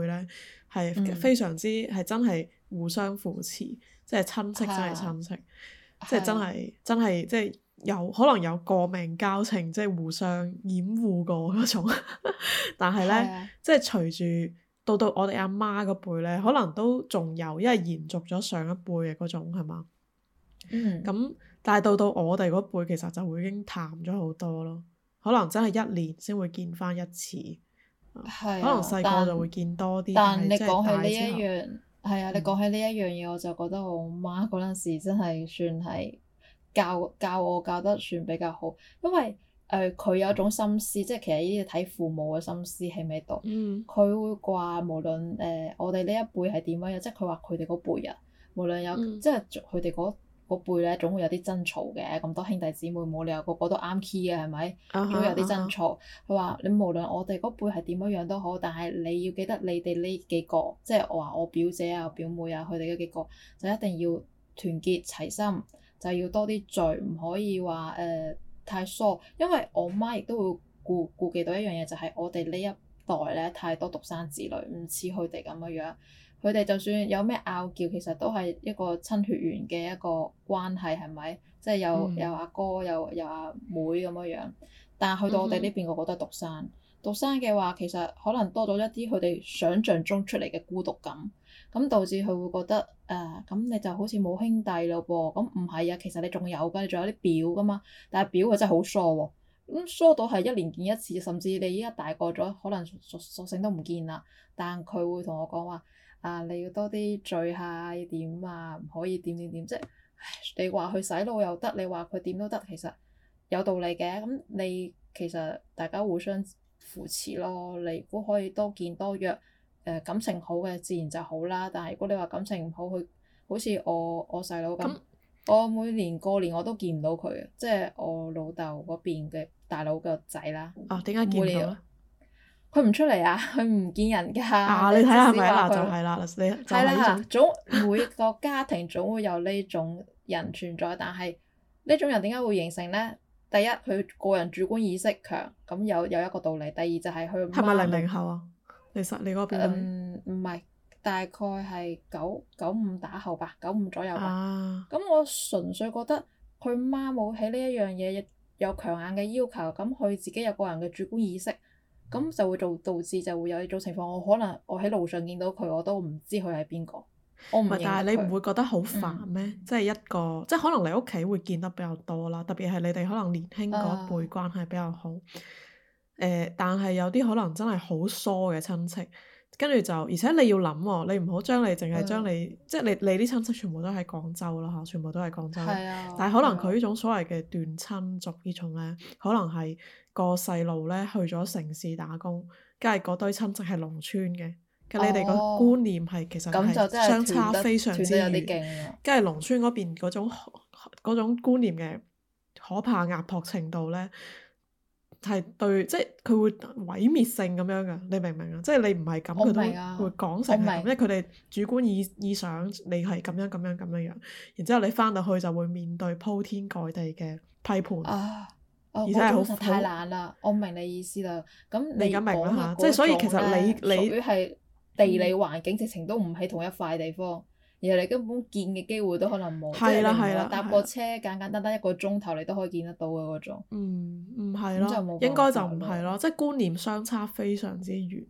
輩咧，係非常之係、嗯、真係互相扶持，即係親戚真係親戚，啊、即係真係、啊、真係即係。有可能有過命交情，即係互相掩護過嗰種。但係咧，啊、即係隨住到到我哋阿媽嗰輩咧，可能都仲有，因為延續咗上一輩嘅嗰種係嘛。嗯。咁，但係到到我哋嗰輩，其實就會已經淡咗好多咯。可能真係一年先會見翻一次。啊、可能細個就會見多啲。但係你講起呢一樣，係啊、嗯！嗯、你講起呢一樣嘢，我就覺得我媽嗰陣時真係算係。教教我教得算比較好，因為誒佢、呃、有種心思，即係其實呢啲睇父母嘅心思喺咪度。佢、嗯、會話無論誒、呃、我哋呢一輩係點樣，即係佢話佢哋嗰輩啊，無論有、嗯、即係佢哋嗰輩咧，總會有啲爭吵嘅。咁多兄弟姊妹冇理由個個都啱 key 嘅係咪？總會、uh huh, 有啲爭吵，佢話、uh huh. 你無論我哋嗰輩係點樣都好，但係你要記得你哋呢幾個，即係話我，我表姐啊、我表妹啊，佢哋嗰幾個就一定要團結齊心。就要多啲聚，唔可以話誒、呃、太疏，因為我媽亦都會顧顧忌到一樣嘢，就係、是、我哋呢一代咧太多獨生子女，唔似佢哋咁樣，佢哋就算有咩拗撬，其實都係一個親血緣嘅一個關係，係咪？即係有、mm hmm. 有阿、啊、哥，有有阿、啊、妹咁樣。但係去到我哋呢邊，我覺得係獨生，獨生嘅話，其實可能多咗一啲佢哋想像中出嚟嘅孤獨感。咁導致佢會覺得，誒、啊，咁你就好似冇兄弟咯噃，咁唔係啊，其實你仲有㗎，你仲有啲表㗎嘛，但係表佢真係好疏喎，咁、嗯、疏到係一年見一次，甚至你依家大個咗，可能索性都唔見啦。但佢會同我講話，啊，你要多啲聚下，點啊？唔可以點點點，即、就、係、是、你話佢洗腦又得，你話佢點都得，其實有道理嘅。咁你其實大家互相扶持咯，你都可以多見多約。誒，感情好嘅自然就好啦，但係如果你話感情唔好，佢好似我我細佬咁，那我每年過年我都見唔到佢嘅，即係我老豆嗰邊嘅大佬個仔啦。啊，點解見唔到年？佢唔出嚟啊！佢唔見人㗎。啊、你睇下係咪就係啦，你、就、啦、是。就是、 *laughs* 總每個家庭總會有呢種人存在，但係呢種人點解會形成咧？第一，佢個人主觀意識強，咁有有一個道理。第二就係佢係咪零零後啊？其實你嗰邊唔唔係，大概係九九五打後吧，九五左右吧。咁、啊、我純粹覺得佢媽冇喺呢一樣嘢有強硬嘅要求，咁佢自己有個人嘅主觀意識，咁就會做導致就會有呢種情況。我可能我喺路上見到佢，我都唔知佢係邊個。我唔係，但係你唔會覺得好煩咩？嗯、即係一個，即係可能你屋企會見得比較多啦，特別係你哋可能年輕嗰一輩關係比較好。誒、呃，但係有啲可能真係好疏嘅親戚，跟住就，而且你要諗喎、哦，你唔好將你淨係將你，嗯、即係你你啲親戚全部都喺廣州咯，嚇，全部都喺廣州，嗯、但係可能佢呢種所謂嘅斷親族種呢種咧，可能係個細路咧去咗城市打工，跟住嗰堆親戚係農村嘅，咁、哦、你哋個觀念係其實係相差非常之遠嘅。跟住、哦、農村嗰邊嗰種，種觀念嘅可怕壓迫程度咧。係，對，即係佢會毀滅性咁樣㗎，你明唔明啊？即係你唔係咁，佢都會講成係咁，即係佢哋主觀意意想你係咁樣咁樣咁樣樣，然之後你翻到去就會面對鋪天蓋地嘅批判，啊、而且好苦、啊。啊啊、實太難啦！我明你意思啦。咁你講、啊、下嗰個咧，屬於係地理環境，直情都唔喺同一塊地方。嗯而你根本見嘅機會都可能冇， *noise* 即係你搭個 *noise* 車的簡簡單單一個鐘頭，你都可以見得到嘅嗰種。嗯，唔係咯，應該就唔係咯，即、就、係、是、觀念相差非常之遠，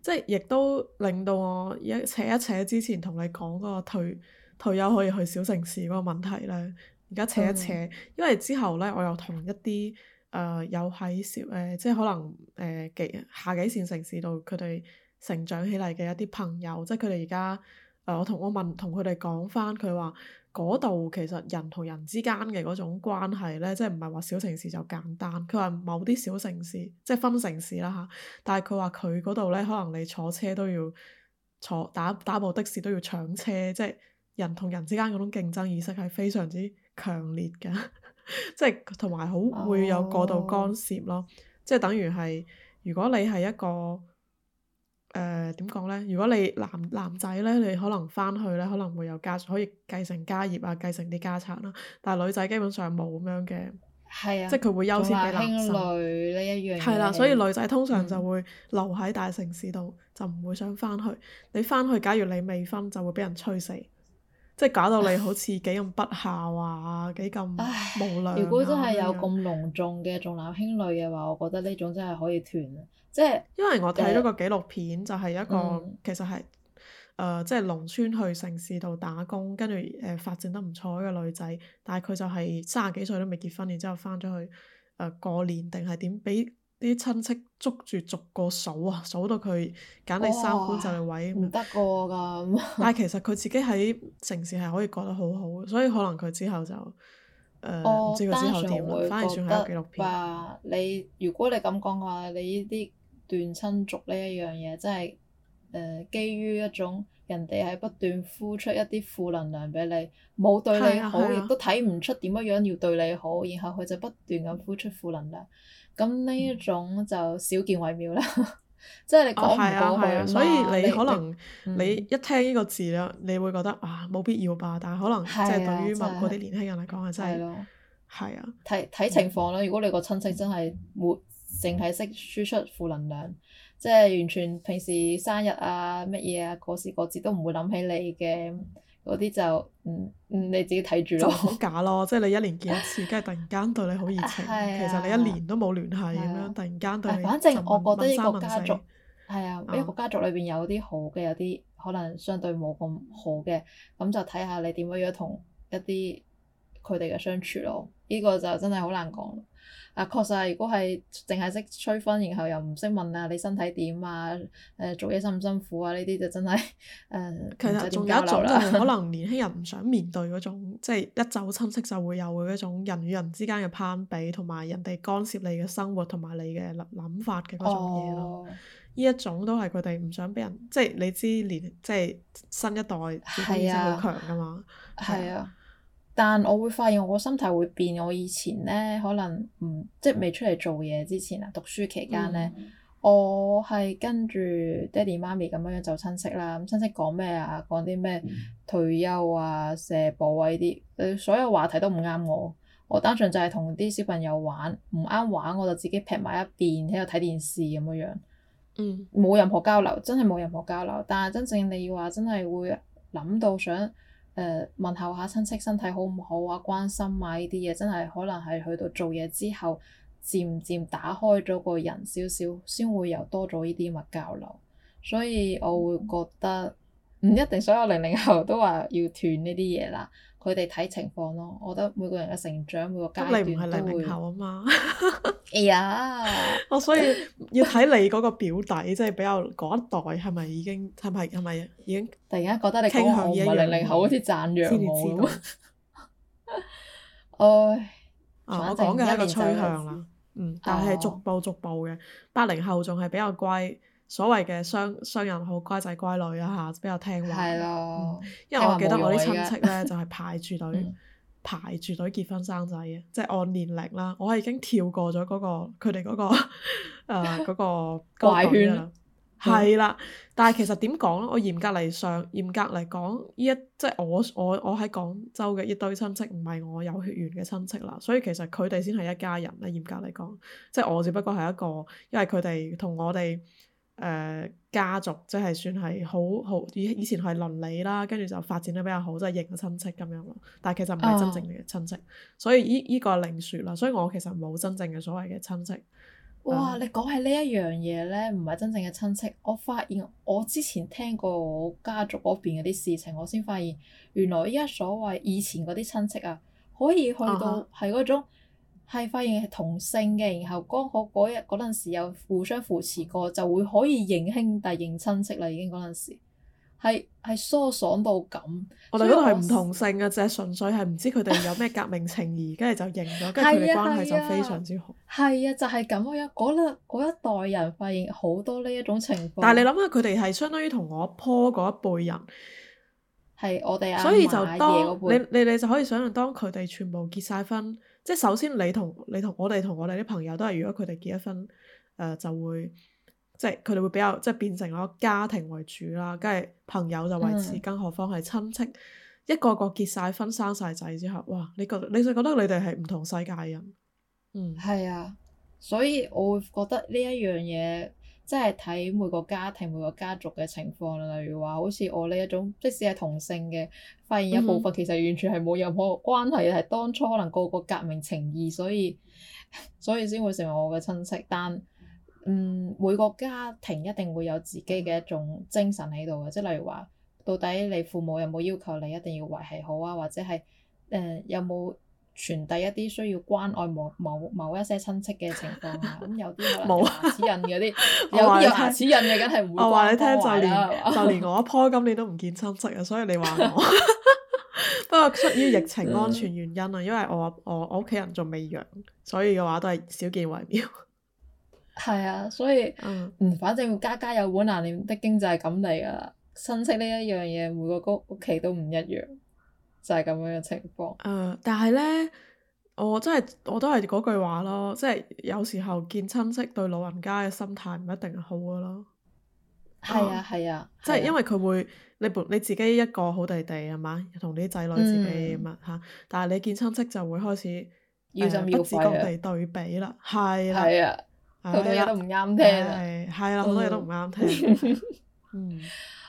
即係亦都令到我一扯一扯之前同你講嗰個退退休可以去小城市嗰個問題咧。而家扯一扯，嗯、因為之後咧，我又同一啲誒、呃、有喺小誒即係可能誒幾下幾線城市度佢哋成長起嚟嘅一啲朋友，即係佢哋而家。誒，我同我問同佢哋講返，佢話嗰度其實人同人之間嘅嗰種關係咧，即係唔係話小城市就簡單。佢話某啲小城市，即係分城市啦吓，但係佢話佢嗰度咧，可能你坐車都要坐打打部的士都要搶車，即係人同人之間嗰種競爭意識係非常之強烈㗎， *laughs* 即係同埋好會有過度干涉咯，oh. 即係等於係如果你係一個。誒點講咧？如果你男男仔咧，你可能翻去咧，可能會有家可以繼承家業啊，繼承啲家產啦。但係女仔基本上冇咁樣嘅，啊、即佢會優先俾男仔。係啦、啊，所以女仔通常就會留喺大城市度，嗯、就唔會想翻去。你翻去，假如你未婚，就會俾人催死。即係搞到你好似幾咁不孝啊，幾咁唉無良。如果真係有咁隆重嘅重男輕女嘅話，我覺得呢種真係可以斷。即係因為我睇咗個紀錄片，呃、就係一個其實係，誒、呃，即係農村去城市度打工，跟住誒發展得唔錯嘅女仔，但係佢就係三十幾歲都未結婚，然之後翻咗去誒、呃、過年定係點俾？啲親戚捉住逐個數啊，數到佢揀你三觀就係位，唔得過㗎。但係其實佢自己喺城市係可以過得好好， *laughs* 所以可能佢之後就誒，唔、呃哦、知佢之後點。反而算係紀錄片。你如果你咁講嘅話，你呢啲斷親族呢一樣嘢真係～誒，基於一種人哋係不斷呼出一啲負能量俾你，冇對你好，亦、啊、都睇唔出點樣樣要對你好，然後佢就不斷咁呼出負能量，咁呢一種就少見為妙啦。 *laughs* 即係你講唔過啊，啊，所以你可能你，你一聽呢個字咧，你會覺得啊冇必要吧？但係可能即係對於某嗰啲年輕人嚟講啊，真係係啊。睇睇、啊啊、情況啦。如果你個親戚真係冇淨係識輸出負能量。即係完全平時生日啊，乜嘢啊，過時過節都唔會諗起你嘅嗰啲就，嗯嗯你自己睇住咯。好假咯，即、就、係、是、你一年見一次，跟住突然間對你好熱情， *laughs* 啊、其實你一年都冇聯繫咁樣，啊、突然間對你。啊、問反正我覺得呢個家族，係啊，一、啊呢個家族裏邊有啲好嘅，有啲可能相對冇咁好嘅，咁就睇下你點樣同一啲佢哋嘅相處咯。呢、呢個就真係好難講。啊，確實係，如果係淨係識吹分，然後又唔識問啊，你身體點啊？誒、呃，做嘢辛唔辛苦啊？呢啲就真係誒，其實仲有一種可能年輕人唔想面對嗰種， *laughs* 即係一走親戚就會有嗰種人與人之間嘅攀比，同埋人哋干涉你嘅生活同埋你嘅諗法嘅嗰種嘢咯。呢、哦、一種都係佢哋唔想俾人，即係你知，年即係新一代依個好強噶嘛。係啊的。但我會發現我個心態會變，我以前咧可能唔即係未出嚟做嘢之前啊，讀書期間咧，嗯、我係跟住爹哋媽咪咁樣樣走親戚啦，咁親戚講咩啊？講啲咩退休啊、社保啊呢啲，所有話題都唔啱我，我單純就係同啲小朋友玩，唔啱玩我就自己劈埋一邊喺度睇電視咁樣樣，嗯，冇任何交流，真係冇任何交流。但係真正你要話真係會諗到想。誒、uh，問候下親戚身體好唔好啊，關心買呢啲嘢，真係可能係去到做嘢之後，漸漸打開咗個人少少，先會有多咗呢啲物交流，所以我會覺得。唔一定所有零零後都話要斷呢啲嘢啦，佢哋睇情況咯。我覺得每個人嘅成長每個階段都會。你唔係零零後啊嘛，哎呀！我所以要睇你嗰個表弟，即係比較嗰一代係咪已經係咪係咪已經突然間覺得你傾向嘢要斷。我唔係零零後，好似賺羊毛咁。唉，我講緊嘅係一個趨向啦，嗯，但係逐步逐步嘅，八零後仲係比較乖。所謂嘅商雙，雙人好乖仔乖，乖女啊嚇，比較聽話的、嗯。因為我記得我啲親戚咧，就係 *laughs* 排住隊排住隊結婚生仔嘅， *laughs* 即係按年齡啦。我已經跳過咗嗰、那個佢哋嗰個誒嗰、呃那個 *laughs* 圈啦。係啦樣、嗯，但係其實點講咧？我嚴格嚟上，嚴格嚟講，呢一即係我我我喺廣州嘅一堆親戚，唔係我有血緣嘅親戚啦。所以其實佢哋先係一家人啦。嚴格嚟講，即係我只不過係一個，因為佢哋同我哋。誒，uh, 家族即係算係好好以以前係鄰里啦，跟住就發展得比較好，即、就、係、是、認嘅親戚咁樣咯。但係其實唔係真正嘅親戚，啊、所以依依、這個另說啦。所以我其實冇真正嘅所謂嘅親戚。哇！嗯、你講起呢一樣嘢咧，唔係真正嘅親戚，我發現我之前聽過我家族嗰邊嗰啲事情，我先發現原來依家所謂以前嗰啲親戚啊，可以去到係嗰種。啊係發現係同性嘅，然後剛好嗰日嗰陣時又互相扶持過，就會可以認兄弟認親戚啦。已經嗰陣時係係疏爽到咁。我哋嗰度係唔同性嘅，就係純粹係唔知佢哋有咩革命情義，跟住 *laughs* 就認咗，跟住佢哋關係就非常之好。係啊，啊，啊，就係咁啊！嗰一代人發現好多呢一種情況。但係你諗下，佢哋係相當於同我阿婆嗰一輩人，係我哋啊，所以就當你你你就可以想象，當佢哋全部結曬婚。即係首先你同你同我哋同我哋啲朋友都係，如果佢哋結咗婚，誒、呃、就會，即係佢哋會比較，即係變成一個家庭為主啦，梗係朋友就為次，嗯、更何況係親戚一個個結晒婚生晒仔之後，哇！你覺，你就覺得你哋係唔同世界人，嗯，係啊，所以我會覺得呢一樣嘢。即係睇每個家庭每個家族嘅情況，例如話，好似我呢一種，即使係同性嘅，發現一部分其實完全係冇任何關係嘅，係、mm hmm. 當初可能個個革命情義，所以所以先會成為我嘅親戚。但嗯，每個家庭一定會有自己嘅一種精神喺度嘅，即係例如話，到底你父母有冇要求你一定要維繫好啊？或者係誒、呃、有冇？傳遞一啲需要關愛某某某一些親戚嘅情況下，咁有啲可能牙齒印嗰啲，有啲牙齒印嘅梗係唔會我話你聽，就連、啊、就連我一樖今年你都唔見親戚啊，所以你話我。不過 *laughs* *laughs* 出於疫情安全原因啊，因為我我我屋企人仲未陽，所以嘅話都係少見為妙。係、 *laughs* 嗯、啊，所以嗯，反正家家有本難念的經，就係咁嚟噶啦。親戚呢一樣嘢，每個屋屋企都唔一樣。就係咁樣嘅情況。誒，但係咧，我真係我都係嗰句話咯，即係有時候見親戚對老人家嘅心態唔一定好噶咯。係啊係啊，即係因為佢會你本你自己一個好地地係嘛，同啲仔女自己咁啊吓，但係你見親戚就會開始要就唔自覺地對比啦，係啦，係啊，好多嘢都唔啱聽，係啦，好多嘢都唔啱聽。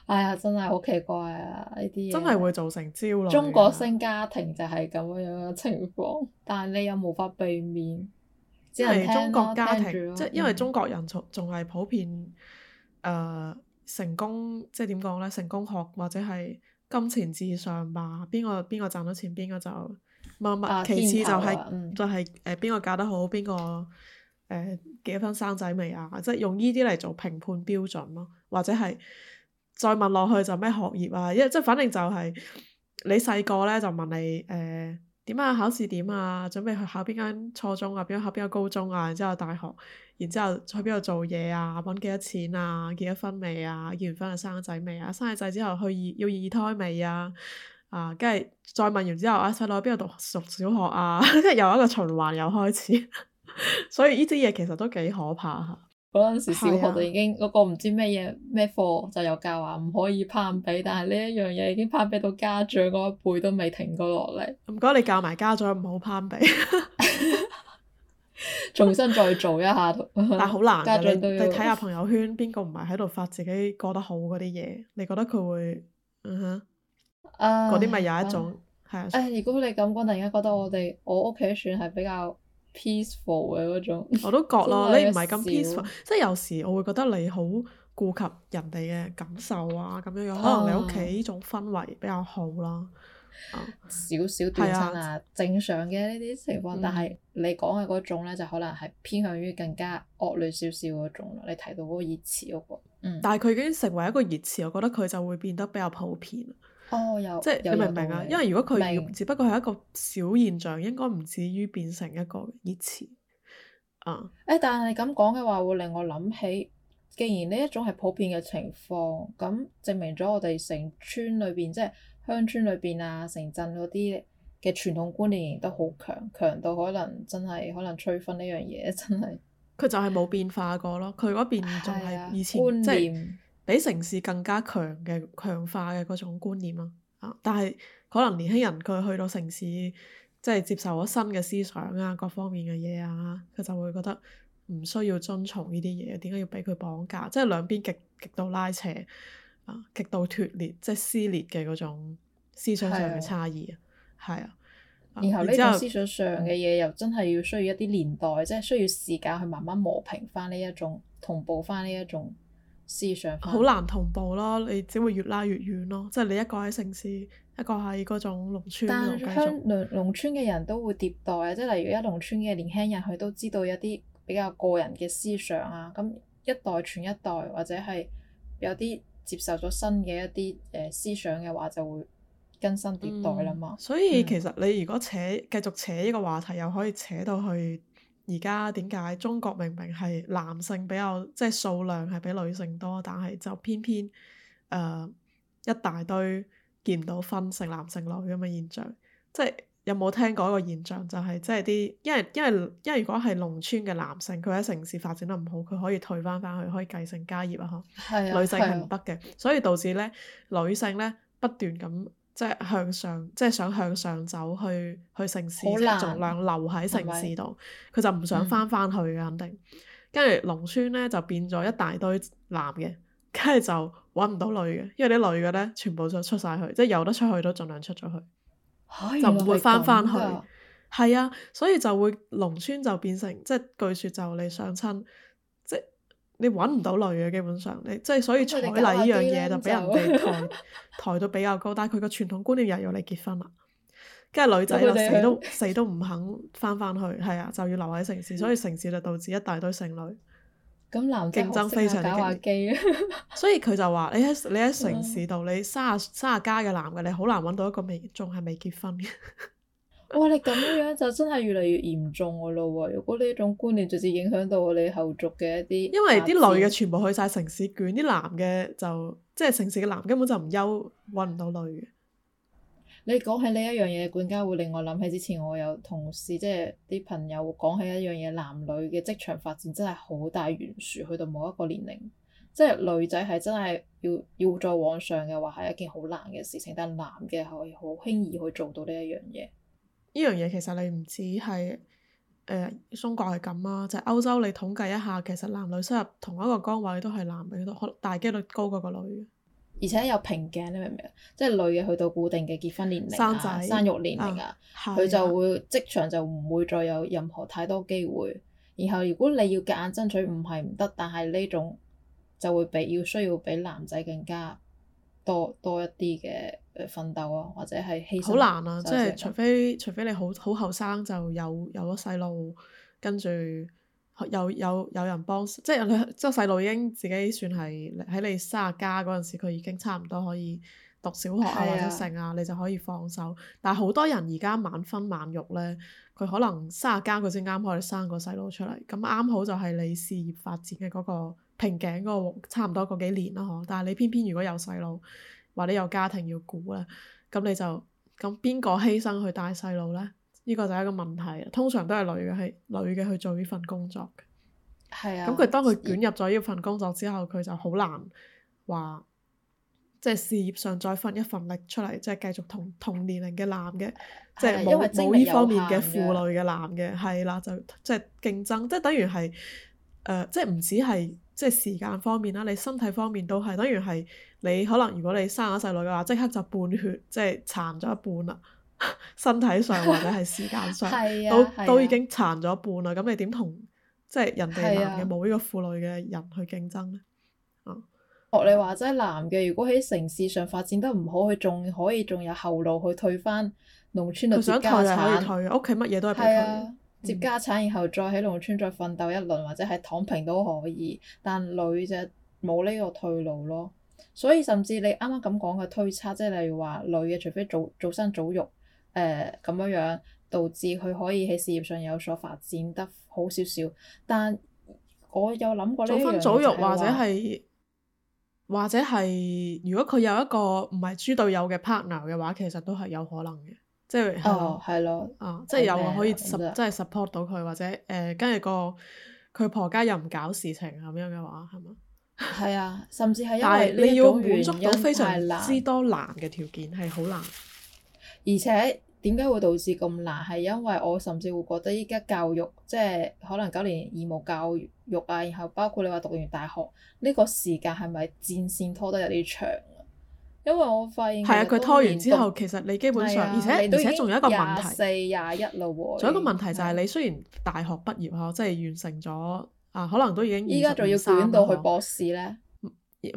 哎呀，真係好奇怪啊！呢啲真係會造成焦慮、啊。中國式家庭就係咁樣樣嘅情況，嗯、但係你又無法避免。即係中國家庭，即係著因為中國人仲仲係普遍，誒、呃，成功即係點講咧？成功學或者係金錢至上吧？邊個邊個賺到錢，邊個就默默。啊、其次就係、是啊嗯、就係、是、誒，邊、呃、個嫁得好，邊個誒結婚生仔未啊？即係用呢啲嚟做評判標準咯，或者係。再問落去就咩學業啊，一即係反正就係你細個咧就問你誒點啊考試點啊，準備去考邊間初中啊，邊間考邊個高中啊，然之後大學，然之後去邊度做嘢啊，揾幾多錢啊，結咗婚未啊，結完婚就生咗仔未啊，生咗仔之後去要二胎未啊，啊跟住再問完之後啊細佬去邊度讀讀小學啊，跟、啊、住又一個循環又開始， *laughs* 所以呢啲嘢其實都幾可怕嚇。嗰陣時小學就已經嗰個唔知咩嘢咩課就有教話唔可以攀比，但係呢一樣嘢已經攀比到家長嗰一輩都未停過落嚟。唔該，你教埋家長唔好攀比， *laughs* *laughs* 重新再做一下，但係好難。家長都要睇下朋友圈，邊個唔係喺度發自己過得好嗰啲嘢？你覺得佢會，嗰啲咪有一種係啊的？如果你咁講，突然間覺得我哋我屋企算係比較。peaceful 嘅嗰種，我都覺咯，你唔係咁 peaceful， *laughs* 即係有時我會覺得你好顧及人哋嘅感受啊，咁樣樣，啊、可能你屋企呢種氛圍比較好啦，啊啊、少少點心啊，正常嘅呢啲情況，嗯、但係你講嘅嗰種咧，就可能係偏向於更加惡劣少少嗰種。你提到嗰個熱詞嗰、嗰個，嗯，但係佢已經成為一個熱詞，我覺得佢就會變得比較普遍。哦，有即係你明唔明啊？因為如果佢只不過係一個小現象，白應該唔至於變成一個熱詞啊。誒、欸，但係咁講嘅話，會令我諗起，既然呢一種係普遍嘅情況，咁證明咗我哋成村裏邊，即係鄉村裏邊啊，城鎮嗰啲嘅傳統觀念都好強，強到可能真係可能催婚呢樣嘢真係。佢就係冇變化過咯，佢嗰邊仲係以前、啊、觀念即係。比城市更加強嘅強化嘅嗰種觀念咯，啊！但係可能年輕人佢去到城市，即係接受咗新嘅思想啊，各方面嘅嘢啊，佢就會覺得唔需要遵從呢啲嘢，點解要俾佢綁架？即係兩邊極極度拉扯啊，極度脫裂，即係撕裂嘅嗰種思想上嘅差異、嗯、啊，係啊。然後呢種思想上嘅嘢又真係要需要一啲年代，即係、嗯、需要時間去慢慢磨平翻呢一種同步翻呢一種。同步思想好難同步咯，你只會越拉越遠咯。即係你一個喺城市，一個喺嗰種農村。但係鄉農農村嘅人都會迭代啊！即係例如一農村嘅年輕人，佢都知道一啲比較個人嘅思想啊。咁一代傳一代，或者係有啲接受咗新嘅一啲誒思想嘅話，就會更新迭代啦嘛、嗯。所以其實你如果扯繼續扯呢個話題，又可以扯到去。而家點解中國明明係男性比較即係數量係比女性多，但係就偏偏誒、呃、一大堆結唔到婚，剩男性女咁嘅現象，即係有冇聽過一個現象，就係、是、即係啲因為因為因為如果係農村嘅男性，佢喺城市發展得唔好，佢可以退翻翻去，可以繼承家業啊，嚇，女性係唔得嘅，啊啊、所以導致咧女性咧不斷咁。即係向上，即、就、係、是、想向上走，去去城市，即難盡量留喺城市度。佢就唔想翻翻去嘅，肯定。跟住、嗯、農村咧就變咗一大堆男嘅，跟住就揾唔到女嘅，因為啲女嘅咧全部就出晒去，即係有得出去都盡量出咗去，嗎就唔會翻翻去。係啊，所以就會農村就變成即係、就是、據説就你相親。你揾唔到女嘅，基本上你即係所以彩禮呢樣嘢就俾人哋抬抬到比較高，但係佢個傳統觀念又要嚟結婚啦，跟住女仔咯，死都死都唔肯翻翻去，係啊，就要留喺城市，所以城市就導致一大堆剩女，競爭非常激烈。 *laughs* 所以佢就話：你喺你喺城市度，你三十三十加嘅男嘅，你好難揾到一個未仲係未結婚嘅。 *laughs* 哇！你咁樣就真係越嚟越嚴重㗎咯喎。如果你一種觀念，直接影響到我哋後續嘅一啲，因為啲女嘅全部去晒城市捲，啲男嘅就即係城市嘅男的根本就唔憂揾唔到女。你講起呢一樣嘢，更加會令我諗起之前我有同事，即係啲朋友講起一樣嘢，男女嘅職場發展真係好大懸殊。去到某一個年齡，即係女仔係真係要要再往上嘅話，係一件好難嘅事情。但男嘅係好輕易去做到呢一樣嘢。呢樣嘢其實你唔止係誒、呃、中國係咁啊，就係、是、歐洲你統計一下，其實男女收入同一個崗位都係男比女可能，大幾率高過個女。而且有瓶頸你明唔明？即係女嘅去到固定嘅結婚年齡啊、生，子生育年齡啊，佢、啊、就會即場就唔會再有任何太多機會。然後如果你要夾硬爭取唔係唔得，但係呢種就會俾要需要俾男仔更加。多多一啲嘅奮鬥啊，或者係犧牲。好難啊！即係除非除非你好好後生就有有咗細路，跟住有有有人幫，即係你即係細路已經自己算係喺你卅加嗰陣時，佢已經差唔多可以讀小學啊或者剩啊，你就可以放手。但係好多人而家晚婚晚育咧，佢可能卅加佢先啱可以生個細路出嚟，咁啱好就係你事業發展嘅嗰個。瓶頸個差唔多個幾年啦，嗬！但係你偏偏如果有細路，或者你有家庭要顧啦，咁你就咁邊個犧牲去帶細路咧？呢、這個就係一個問題。通常都係女嘅係女嘅去做呢份工作。係啊。咁佢當佢捲入咗呢份工作之後，佢就好難話，即、就、係、是、事業上再分一份力出嚟，即、就、係、是、繼續同同年齡嘅男嘅，即係冇冇呢方面嘅負累嘅男嘅，係啦、啊，就即係、就是、競爭，即、就、係、是、等於係誒，即係唔止係。即係時間方面啦，你身體方面都係等於係你可能如果你生咗細女嘅話，即刻就半血，即係殘咗一半啦。身體上或者係時間上、 *laughs* 啊、都都已經殘咗一半啦。咁、啊、你點同即係人哋男嘅冇呢個負累嘅人去競爭咧？哦，學你話齋男嘅，如果喺城市上發展得唔好，佢仲可以仲有後路去退翻農村度接家產，佢想退可以退，屋企乜嘢都係俾佢。接家產，然後再喺農村再奮鬥一輪，或者係躺平都可以。但女就冇呢個退路咯。所以甚至你啱啱咁講嘅推測，即係例如話女嘅，除非早早生早育，誒咁樣樣，導致佢可以喺事業上有所發展得好少少。但我有諗過呢一樣。早生早育或者係，或者係，如果佢有一個唔係豬隊友嘅 partner 嘅話，其實都係有可能嘅。即係哦，係咯、嗯，啊的，即係有可以即係的 support 到佢，或者誒，跟、呃、住個佢婆家又唔搞事情咁樣嘅話，係嘛？係啊，甚至係因為 *laughs* 你要滿足到非常之多難嘅條件，係好難。而且點解會導致咁難？係因為我甚至會覺得依家教育，即係可能九年義務教育啊，然後包括你話讀完大學呢、這個時間係咪戰線拖得有啲長？因為我發現，係啊，佢拖完之後，其實你基本上，啊、而且而且仲有一個問題，廿四廿一啦喎，仲有一個問題就係你雖然大學畢業呵，即係完成咗啊，可能都已經依家仲要卷到去博士咧、啊，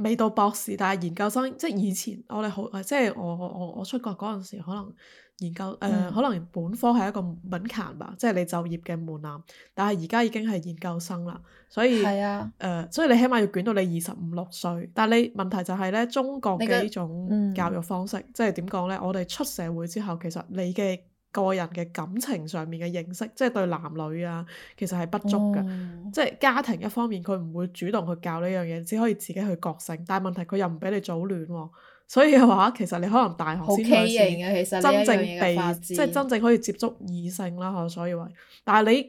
未到博士，但係研究生即係以前我哋好，即係我我我，我出國嗰陣時可能。研究誒、呃，可能本科係一個文憑吧，即係你就業嘅門檻。但係而家已經係研究生啦，所以誒、啊呃，所以起碼你起碼要捲到你二十五六歲。但係你問題就係咧，中國嘅呢種教育方式，嗯、即係點講咧？我哋出社會之後，其實你嘅個人嘅感情上面嘅認識，即係對男女啊，其實係不足嘅。嗯、即係家庭一方面，佢唔會主動去教呢樣嘢，只可以自己去覺醒。但係問題佢又唔俾你早戀喎、啊。所以嘅話，其實你可能大學先開始真正地，即係真正可以接觸異性啦。嗬，所以話，但係你。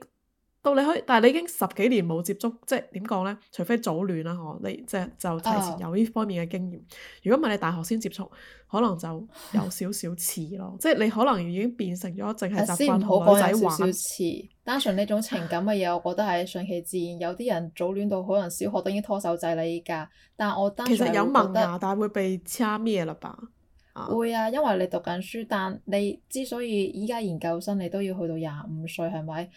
到你去，但係你已經十幾年冇接觸，即係點講咧？除非早戀啦，嗬，你即係就提前有呢方面嘅經驗。Uh, 如果唔係你大學先接觸，可能就有少少，少遲咯。啊、即係你可能已經變成咗淨係習慣同女仔玩。少少遲。單純呢種情感嘅嘢，我覺得係順其自然。有啲人早戀到可能小學都已經拖手仔啦，依家。但係我單純係覺得，但係會被差咩啦吧？啊會啊，因為你讀緊書，但你之所以依家研，研究生，你都要去到廿五歲，係咪？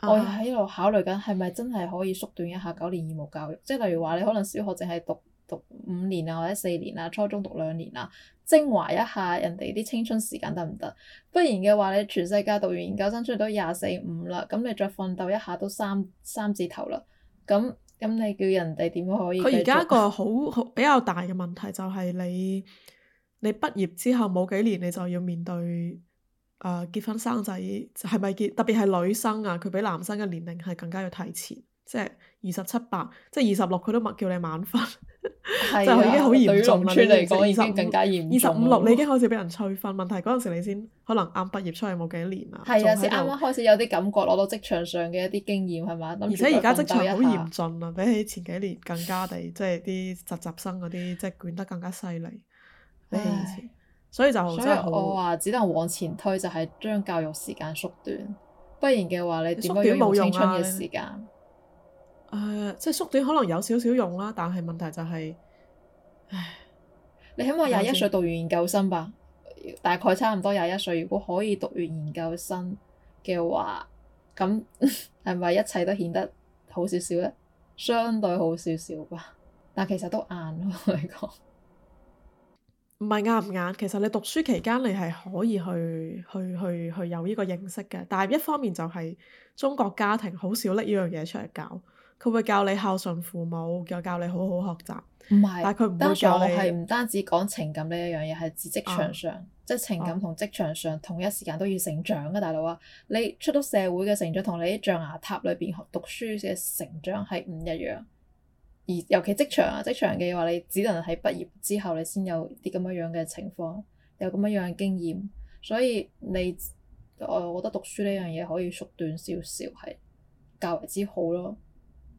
唉我喺度考慮緊，係咪真係可以縮短一下九年義務教育？即係例如話，你可能小學淨係讀讀五年啊，或者四年啊，初中讀兩年啊，精華一下人哋啲青春時間得唔得？不然嘅話，你全世界讀完研究生出嚟都廿四五啦，咁你再奮鬥一下都三三字頭啦，咁咁你叫人哋點樣可以？佢而家一個好好比較大嘅問題就係你你畢業之後冇幾年，你就要面對。啊！結婚生仔係咪結？特別係女生啊，佢比男生嘅年齡係更加要提前，即係二十七八，即係二十六，佢都默叫你晚婚，就係、啊、已經好嚴重。從嚟講已經更加嚴重。二十五六你已經開始俾人催婚，問題嗰陣時你先可能啱畢業出去冇幾年啦。係啊，先啱啱開始有啲感覺，攞到職場上嘅一啲經驗係嘛？而且而家職場好嚴峻啊，嗯、比起前幾年更加地，即係啲實習生嗰啲即係捲得更加犀利，比起以前。所以就，所以我話只能往前推，就係將教育時間縮短，不然嘅話你點解要用青春嘅時間？誒、啊呃，即係縮短可能有少少用啦，但係問題就係、是，唉，你起碼廿一歲讀完研究生吧，是大概差唔多廿一歲。如果可以讀完研究生嘅話，咁係咪一切都顯得好少少呢？相對好少少吧，但其實都硬咯，我你講。唔係啱唔啱？其實你讀書期間，你係可以去去去去有呢個認識嘅。但係一方面就係中國家庭好少拎呢樣嘢出嚟教，佢會教你孝順父母，又教你好好學習。唔係是，但係佢唔會教你。但係我係唔單止講情感呢一樣嘢，係指職場上，啊、即係情感同職場上同一時間都要成長嘅，大佬啊！你出到社會嘅成長同你啲象牙塔裏邊讀書嘅成長係唔一樣。而尤其職場啊，職場嘅話，你只能喺畢業之後，你先有啲咁樣樣嘅情況，有咁樣樣嘅經驗，所以你我覺得讀書呢樣嘢可以縮短少少，係較為之好咯。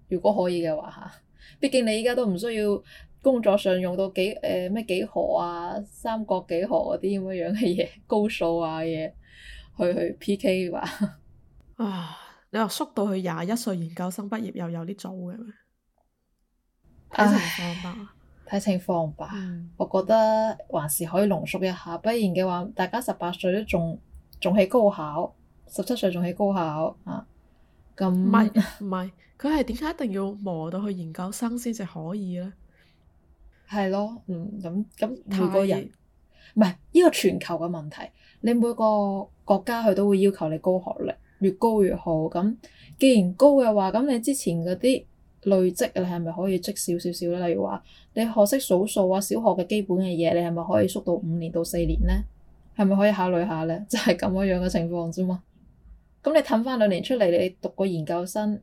如果可以嘅話嚇，畢竟你依家都唔需要工作上用到幾誒咩、呃、幾何啊、三角幾何嗰啲咁樣樣嘅嘢、高數啊嘢去去 PK 嘅話。啊，你話縮到去廿一歲研究生畢業又有啲早嘅咩？睇情況吧，睇情況吧，我覺得還是可以濃縮一下，不然嘅話，大家十八歲都仲仲喺高考，十七歲仲喺高考啊。咁唔係，唔係，佢係點解一定要磨到去研究生先至可以咧？係咯，嗯，咁咁每個人，唔係呢個全球嘅問題。你每個國家佢都會要求你高學歷，越高越好。咁既然高嘅話，咁你之前嗰啲，累積，你係咪可以積少少少咧？例如話你學識數數啊，小學嘅基本嘅嘢，你係咪可以縮到五年到四年咧？係咪可以考慮下咧？就係咁樣樣嘅情況啫嘛。咁 *laughs* 你褪翻兩年出嚟，你讀個研究生，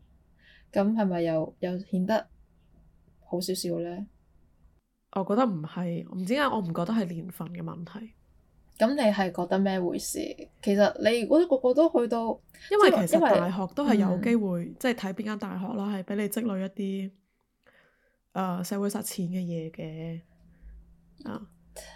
咁係咪又又顯得好少少咧？我覺得唔係，唔知點解我唔覺得係年份嘅問題。咁你係覺得咩回事？其實你如果個個都去到，因為，因為其實大學都係有機會，即係睇邊間大學咯，係俾你積累一啲誒、呃、社會實踐嘅嘢嘅。啊，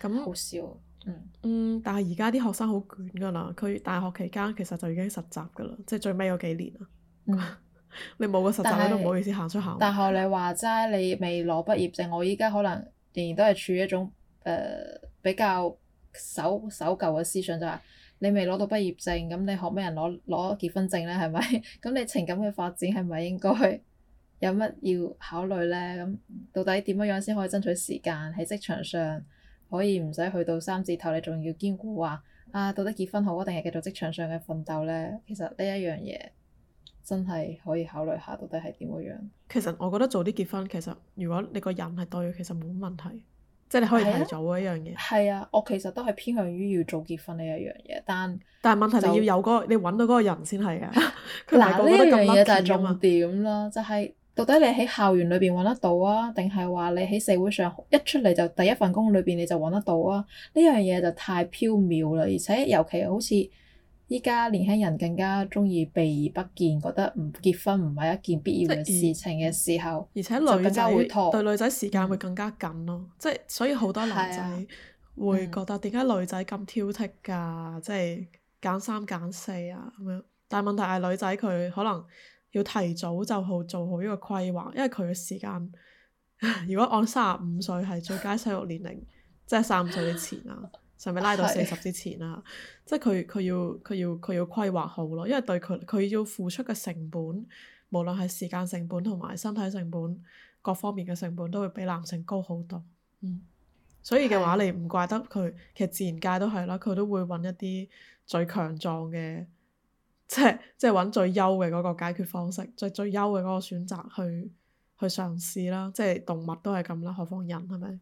咁好少、哦，嗯嗯。但係而家啲學生好卷噶啦，佢大學期間其實就已經實習噶啦，即係最尾嗰幾年啊。嗯、 *laughs* 你冇個實習是，你都唔好意思行出行。大學你話齋，你未攞畢業證，我依家可能仍然都係處於一種誒、呃、比較。守守舊嘅思想就話、是，你未攞到畢業證，咁你學咩人攞攞結婚證呢？係咪？咁 *laughs* 你情感嘅發展係咪應該有乜要考慮呢？咁到底點樣樣先可以爭取時間喺職場上可以唔使去到三字頭？你仲要兼顧啊？啊，到底結婚好啊，定係繼續職場上嘅奮鬥呢？」其實呢一樣嘢真係可以考慮下，到底係點嘅樣。其實我覺得早啲結婚，其實如果你個人係對其實冇問題。即係你可以提早喎呢、啊、樣嘢。係啊，我其實都係偏向於要做結婚呢一樣嘢，但但係問題就要有嗰、那個，就你揾到嗰個人先係啊。嗱，呢樣嘢就係重點啦，就係、是、到底你喺校園裏邊揾得到啊，定係話你喺社會上一出嚟就第一份工裏邊你就揾得到啊？呢樣嘢就太飄渺啦，而且尤其好似。依家年輕人更加中意避而不見，覺得唔結婚唔係一件必要嘅事情嘅時候而，而且女仔拖，對女仔時間會更加緊咯，即係、嗯、所以好多男仔會覺得點解女仔咁挑剔㗎、啊？嗯、即係揀三揀四啊咁樣。但係問題係女仔佢可能要提早就好做好呢個規劃，因為佢嘅時間，如果按三十五歲係最佳生育年齡， *laughs* 即係三十五歲嘅前啦。 *laughs* 上邊拉到四十之前啦、啊， *laughs* 即係佢佢要佢要佢要規劃好咯，因為對佢佢要付出嘅成本，無論係時間成本同埋身體成本各方面嘅成本，都會比男性高好多。嗯，所以嘅話，的你唔怪得佢，其實自然界都係啦，佢都會揾一啲最強壯嘅，即係即係揾最優嘅嗰個解決方式，最最優嘅嗰個選擇去去嘗試啦。即係動物都係咁啦，何況人係咪？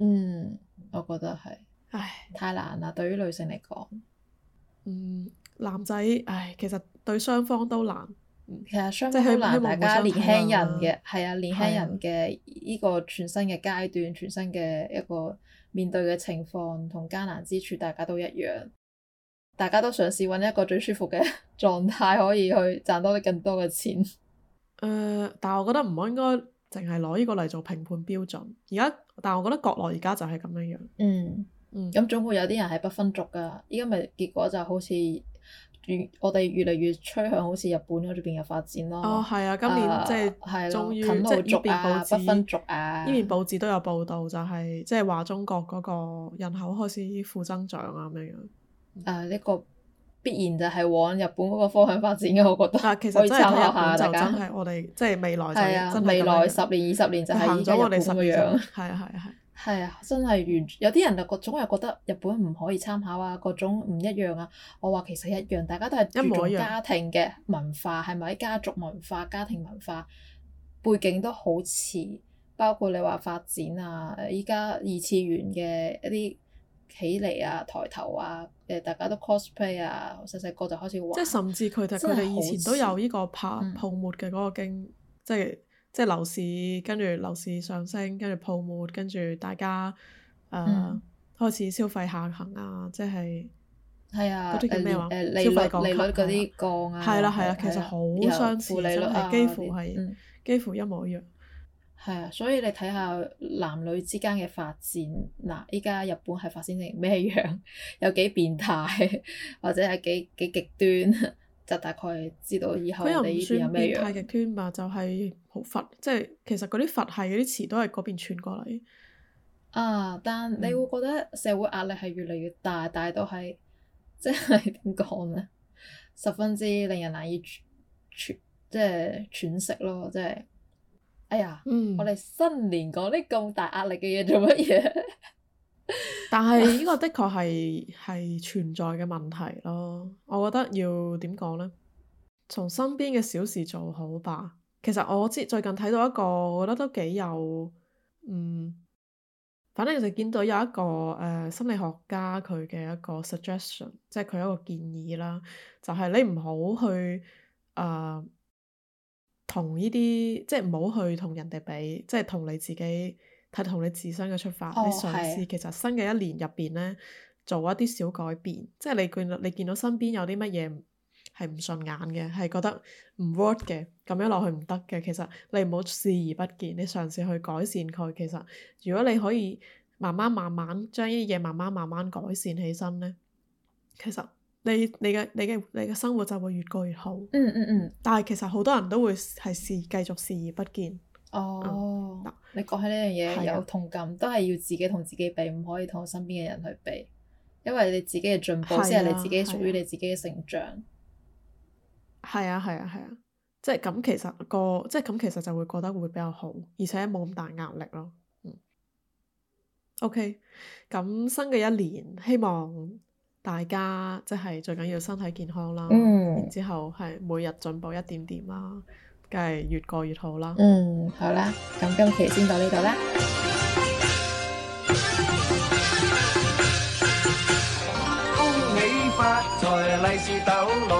嗯，我覺得係。唉，太難啦！對於女性嚟講，嗯，男仔唉，其實對雙方都難。其實雙方難，是難大家年輕人嘅係啊，年輕人嘅呢個全新嘅階段，的全新嘅一個面對嘅情況同艱難之處，大家都一樣，大家都嘗試揾一個最舒服嘅狀態，可以去賺多啲更多嘅錢。誒、呃，但係我覺得唔好應該淨係攞呢個嚟做評判標準。而家但係我覺得國內而家就係咁樣樣。嗯。嗯，咁總會有啲人係不分族噶，依家咪結果就好似越我哋越嚟越趨向好似日本嗰邊嘅發展咯。哦，係啊，今年即、就、係、是呃、終於即係呢邊報紙，呢邊都有報道、就係，就係即係話中國嗰個人口開始負增長啊咁樣樣。誒，呢個必然就係往日本嗰個方向發展嘅，我覺得。啊、其實真係睇日本就真係我哋即係未來就係、啊、未來十年二十年就係依家日本咁樣。係啊，係啊，係。 *laughs* *laughs* *laughs* 係啊，真係完全有啲人就覺總係覺得日本唔可以參考啊，各種唔一樣啊。我話其實一樣，大家都係注重家庭嘅文化，係咪家族文化、家庭文化背景都好似？包括你話發展啊，依家二次元嘅一啲起嚟啊、抬頭啊，誒大家都 cosplay 啊，細細個就開始玩。即係甚至佢哋佢哋以前都有呢個泡泡沫嘅嗰個經，嗯、即係。即係樓市跟住樓市上升，跟住泡沫，跟住大家誒、呃嗯、開始消費下行啊！即係係啊，嗰啲叫咩話？消費降，利率嗰啲降啊，係啦係啦，其實好相似，真係、啊、幾乎係、嗯、幾乎一模一樣。係啊，所以你睇下男女之間嘅發展，嗱依家日本係發展成咩樣？有幾變態或者係幾幾極端，就大概知道以後你依邊有咩樣。佢又唔算變態極端吧？就係、是就。是好佛即係其實嗰啲佛係嗰啲詞都係嗰邊傳過嚟啊！但你會覺得社會壓力係越嚟越大，但係都係，即係點講呢？十分之令人難以喘，喘即係喘息咯，即係哎呀，嗯，我哋新年講啲咁大壓力嘅嘢做乜嘢？ *laughs* 但係呢個的確係係存在嘅問題咯。我覺得要點講呢？從身邊嘅小事做好吧。其實我知最近睇到一個，我覺得都幾有，嗯，反正就見到有一個誒、呃、心理學家佢嘅一個 suggestion，即係佢一個建議啦，就係、是、你唔好去誒同呢啲，即係唔好去同人哋比，即係同你自己，係同你自身嘅出發，哦、你嘗試的其實新嘅一年入邊咧，做一啲小改變，即係你見你見到身邊有啲乜嘢。係唔順眼嘅，係覺得唔 work 嘅，咁樣落去唔得嘅。其實你唔好視而不見，你嘗試去改善佢。其實如果你可以慢慢慢慢將呢啲嘢慢慢慢慢改善起身咧，其實你你嘅你嘅你嘅生活就會越過越好。嗯嗯嗯。但係其實好多人都會係視繼續視而不見。哦，嗯、你講起呢樣嘢有同感，都係要自己同自己比，唔可以同身邊嘅人去比，因為你自己嘅進步先係你自己屬於你自己嘅成長。係啊係啊係啊，即係咁其實個即係咁其實就會覺得會比較好，而且冇咁大壓力咯。嗯，OK，咁新嘅一年，希望大家即係最緊要身體健康啦，然之後係每日進步一點點啦，梗係越過越好啦。嗯，好啦，咁今期先到呢度啦。恭喜發財，利是兜。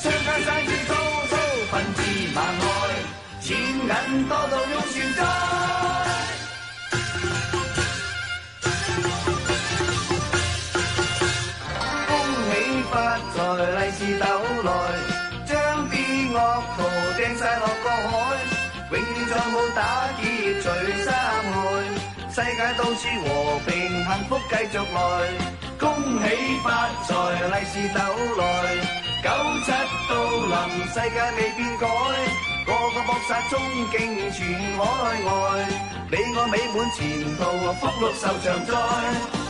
商家生意高高，分子萬外錢銀多到用船載。 *noise* 恭喜發財，利是斗來，將啲惡徒掟晒落個海，永遠再冇打劫除三害，世界到處和平，幸福繼續來。恭喜發財，利是斗來。九七到臨，世界未變改，個個搏殺衝勁，全海外，你我美滿前途，福祿壽長在。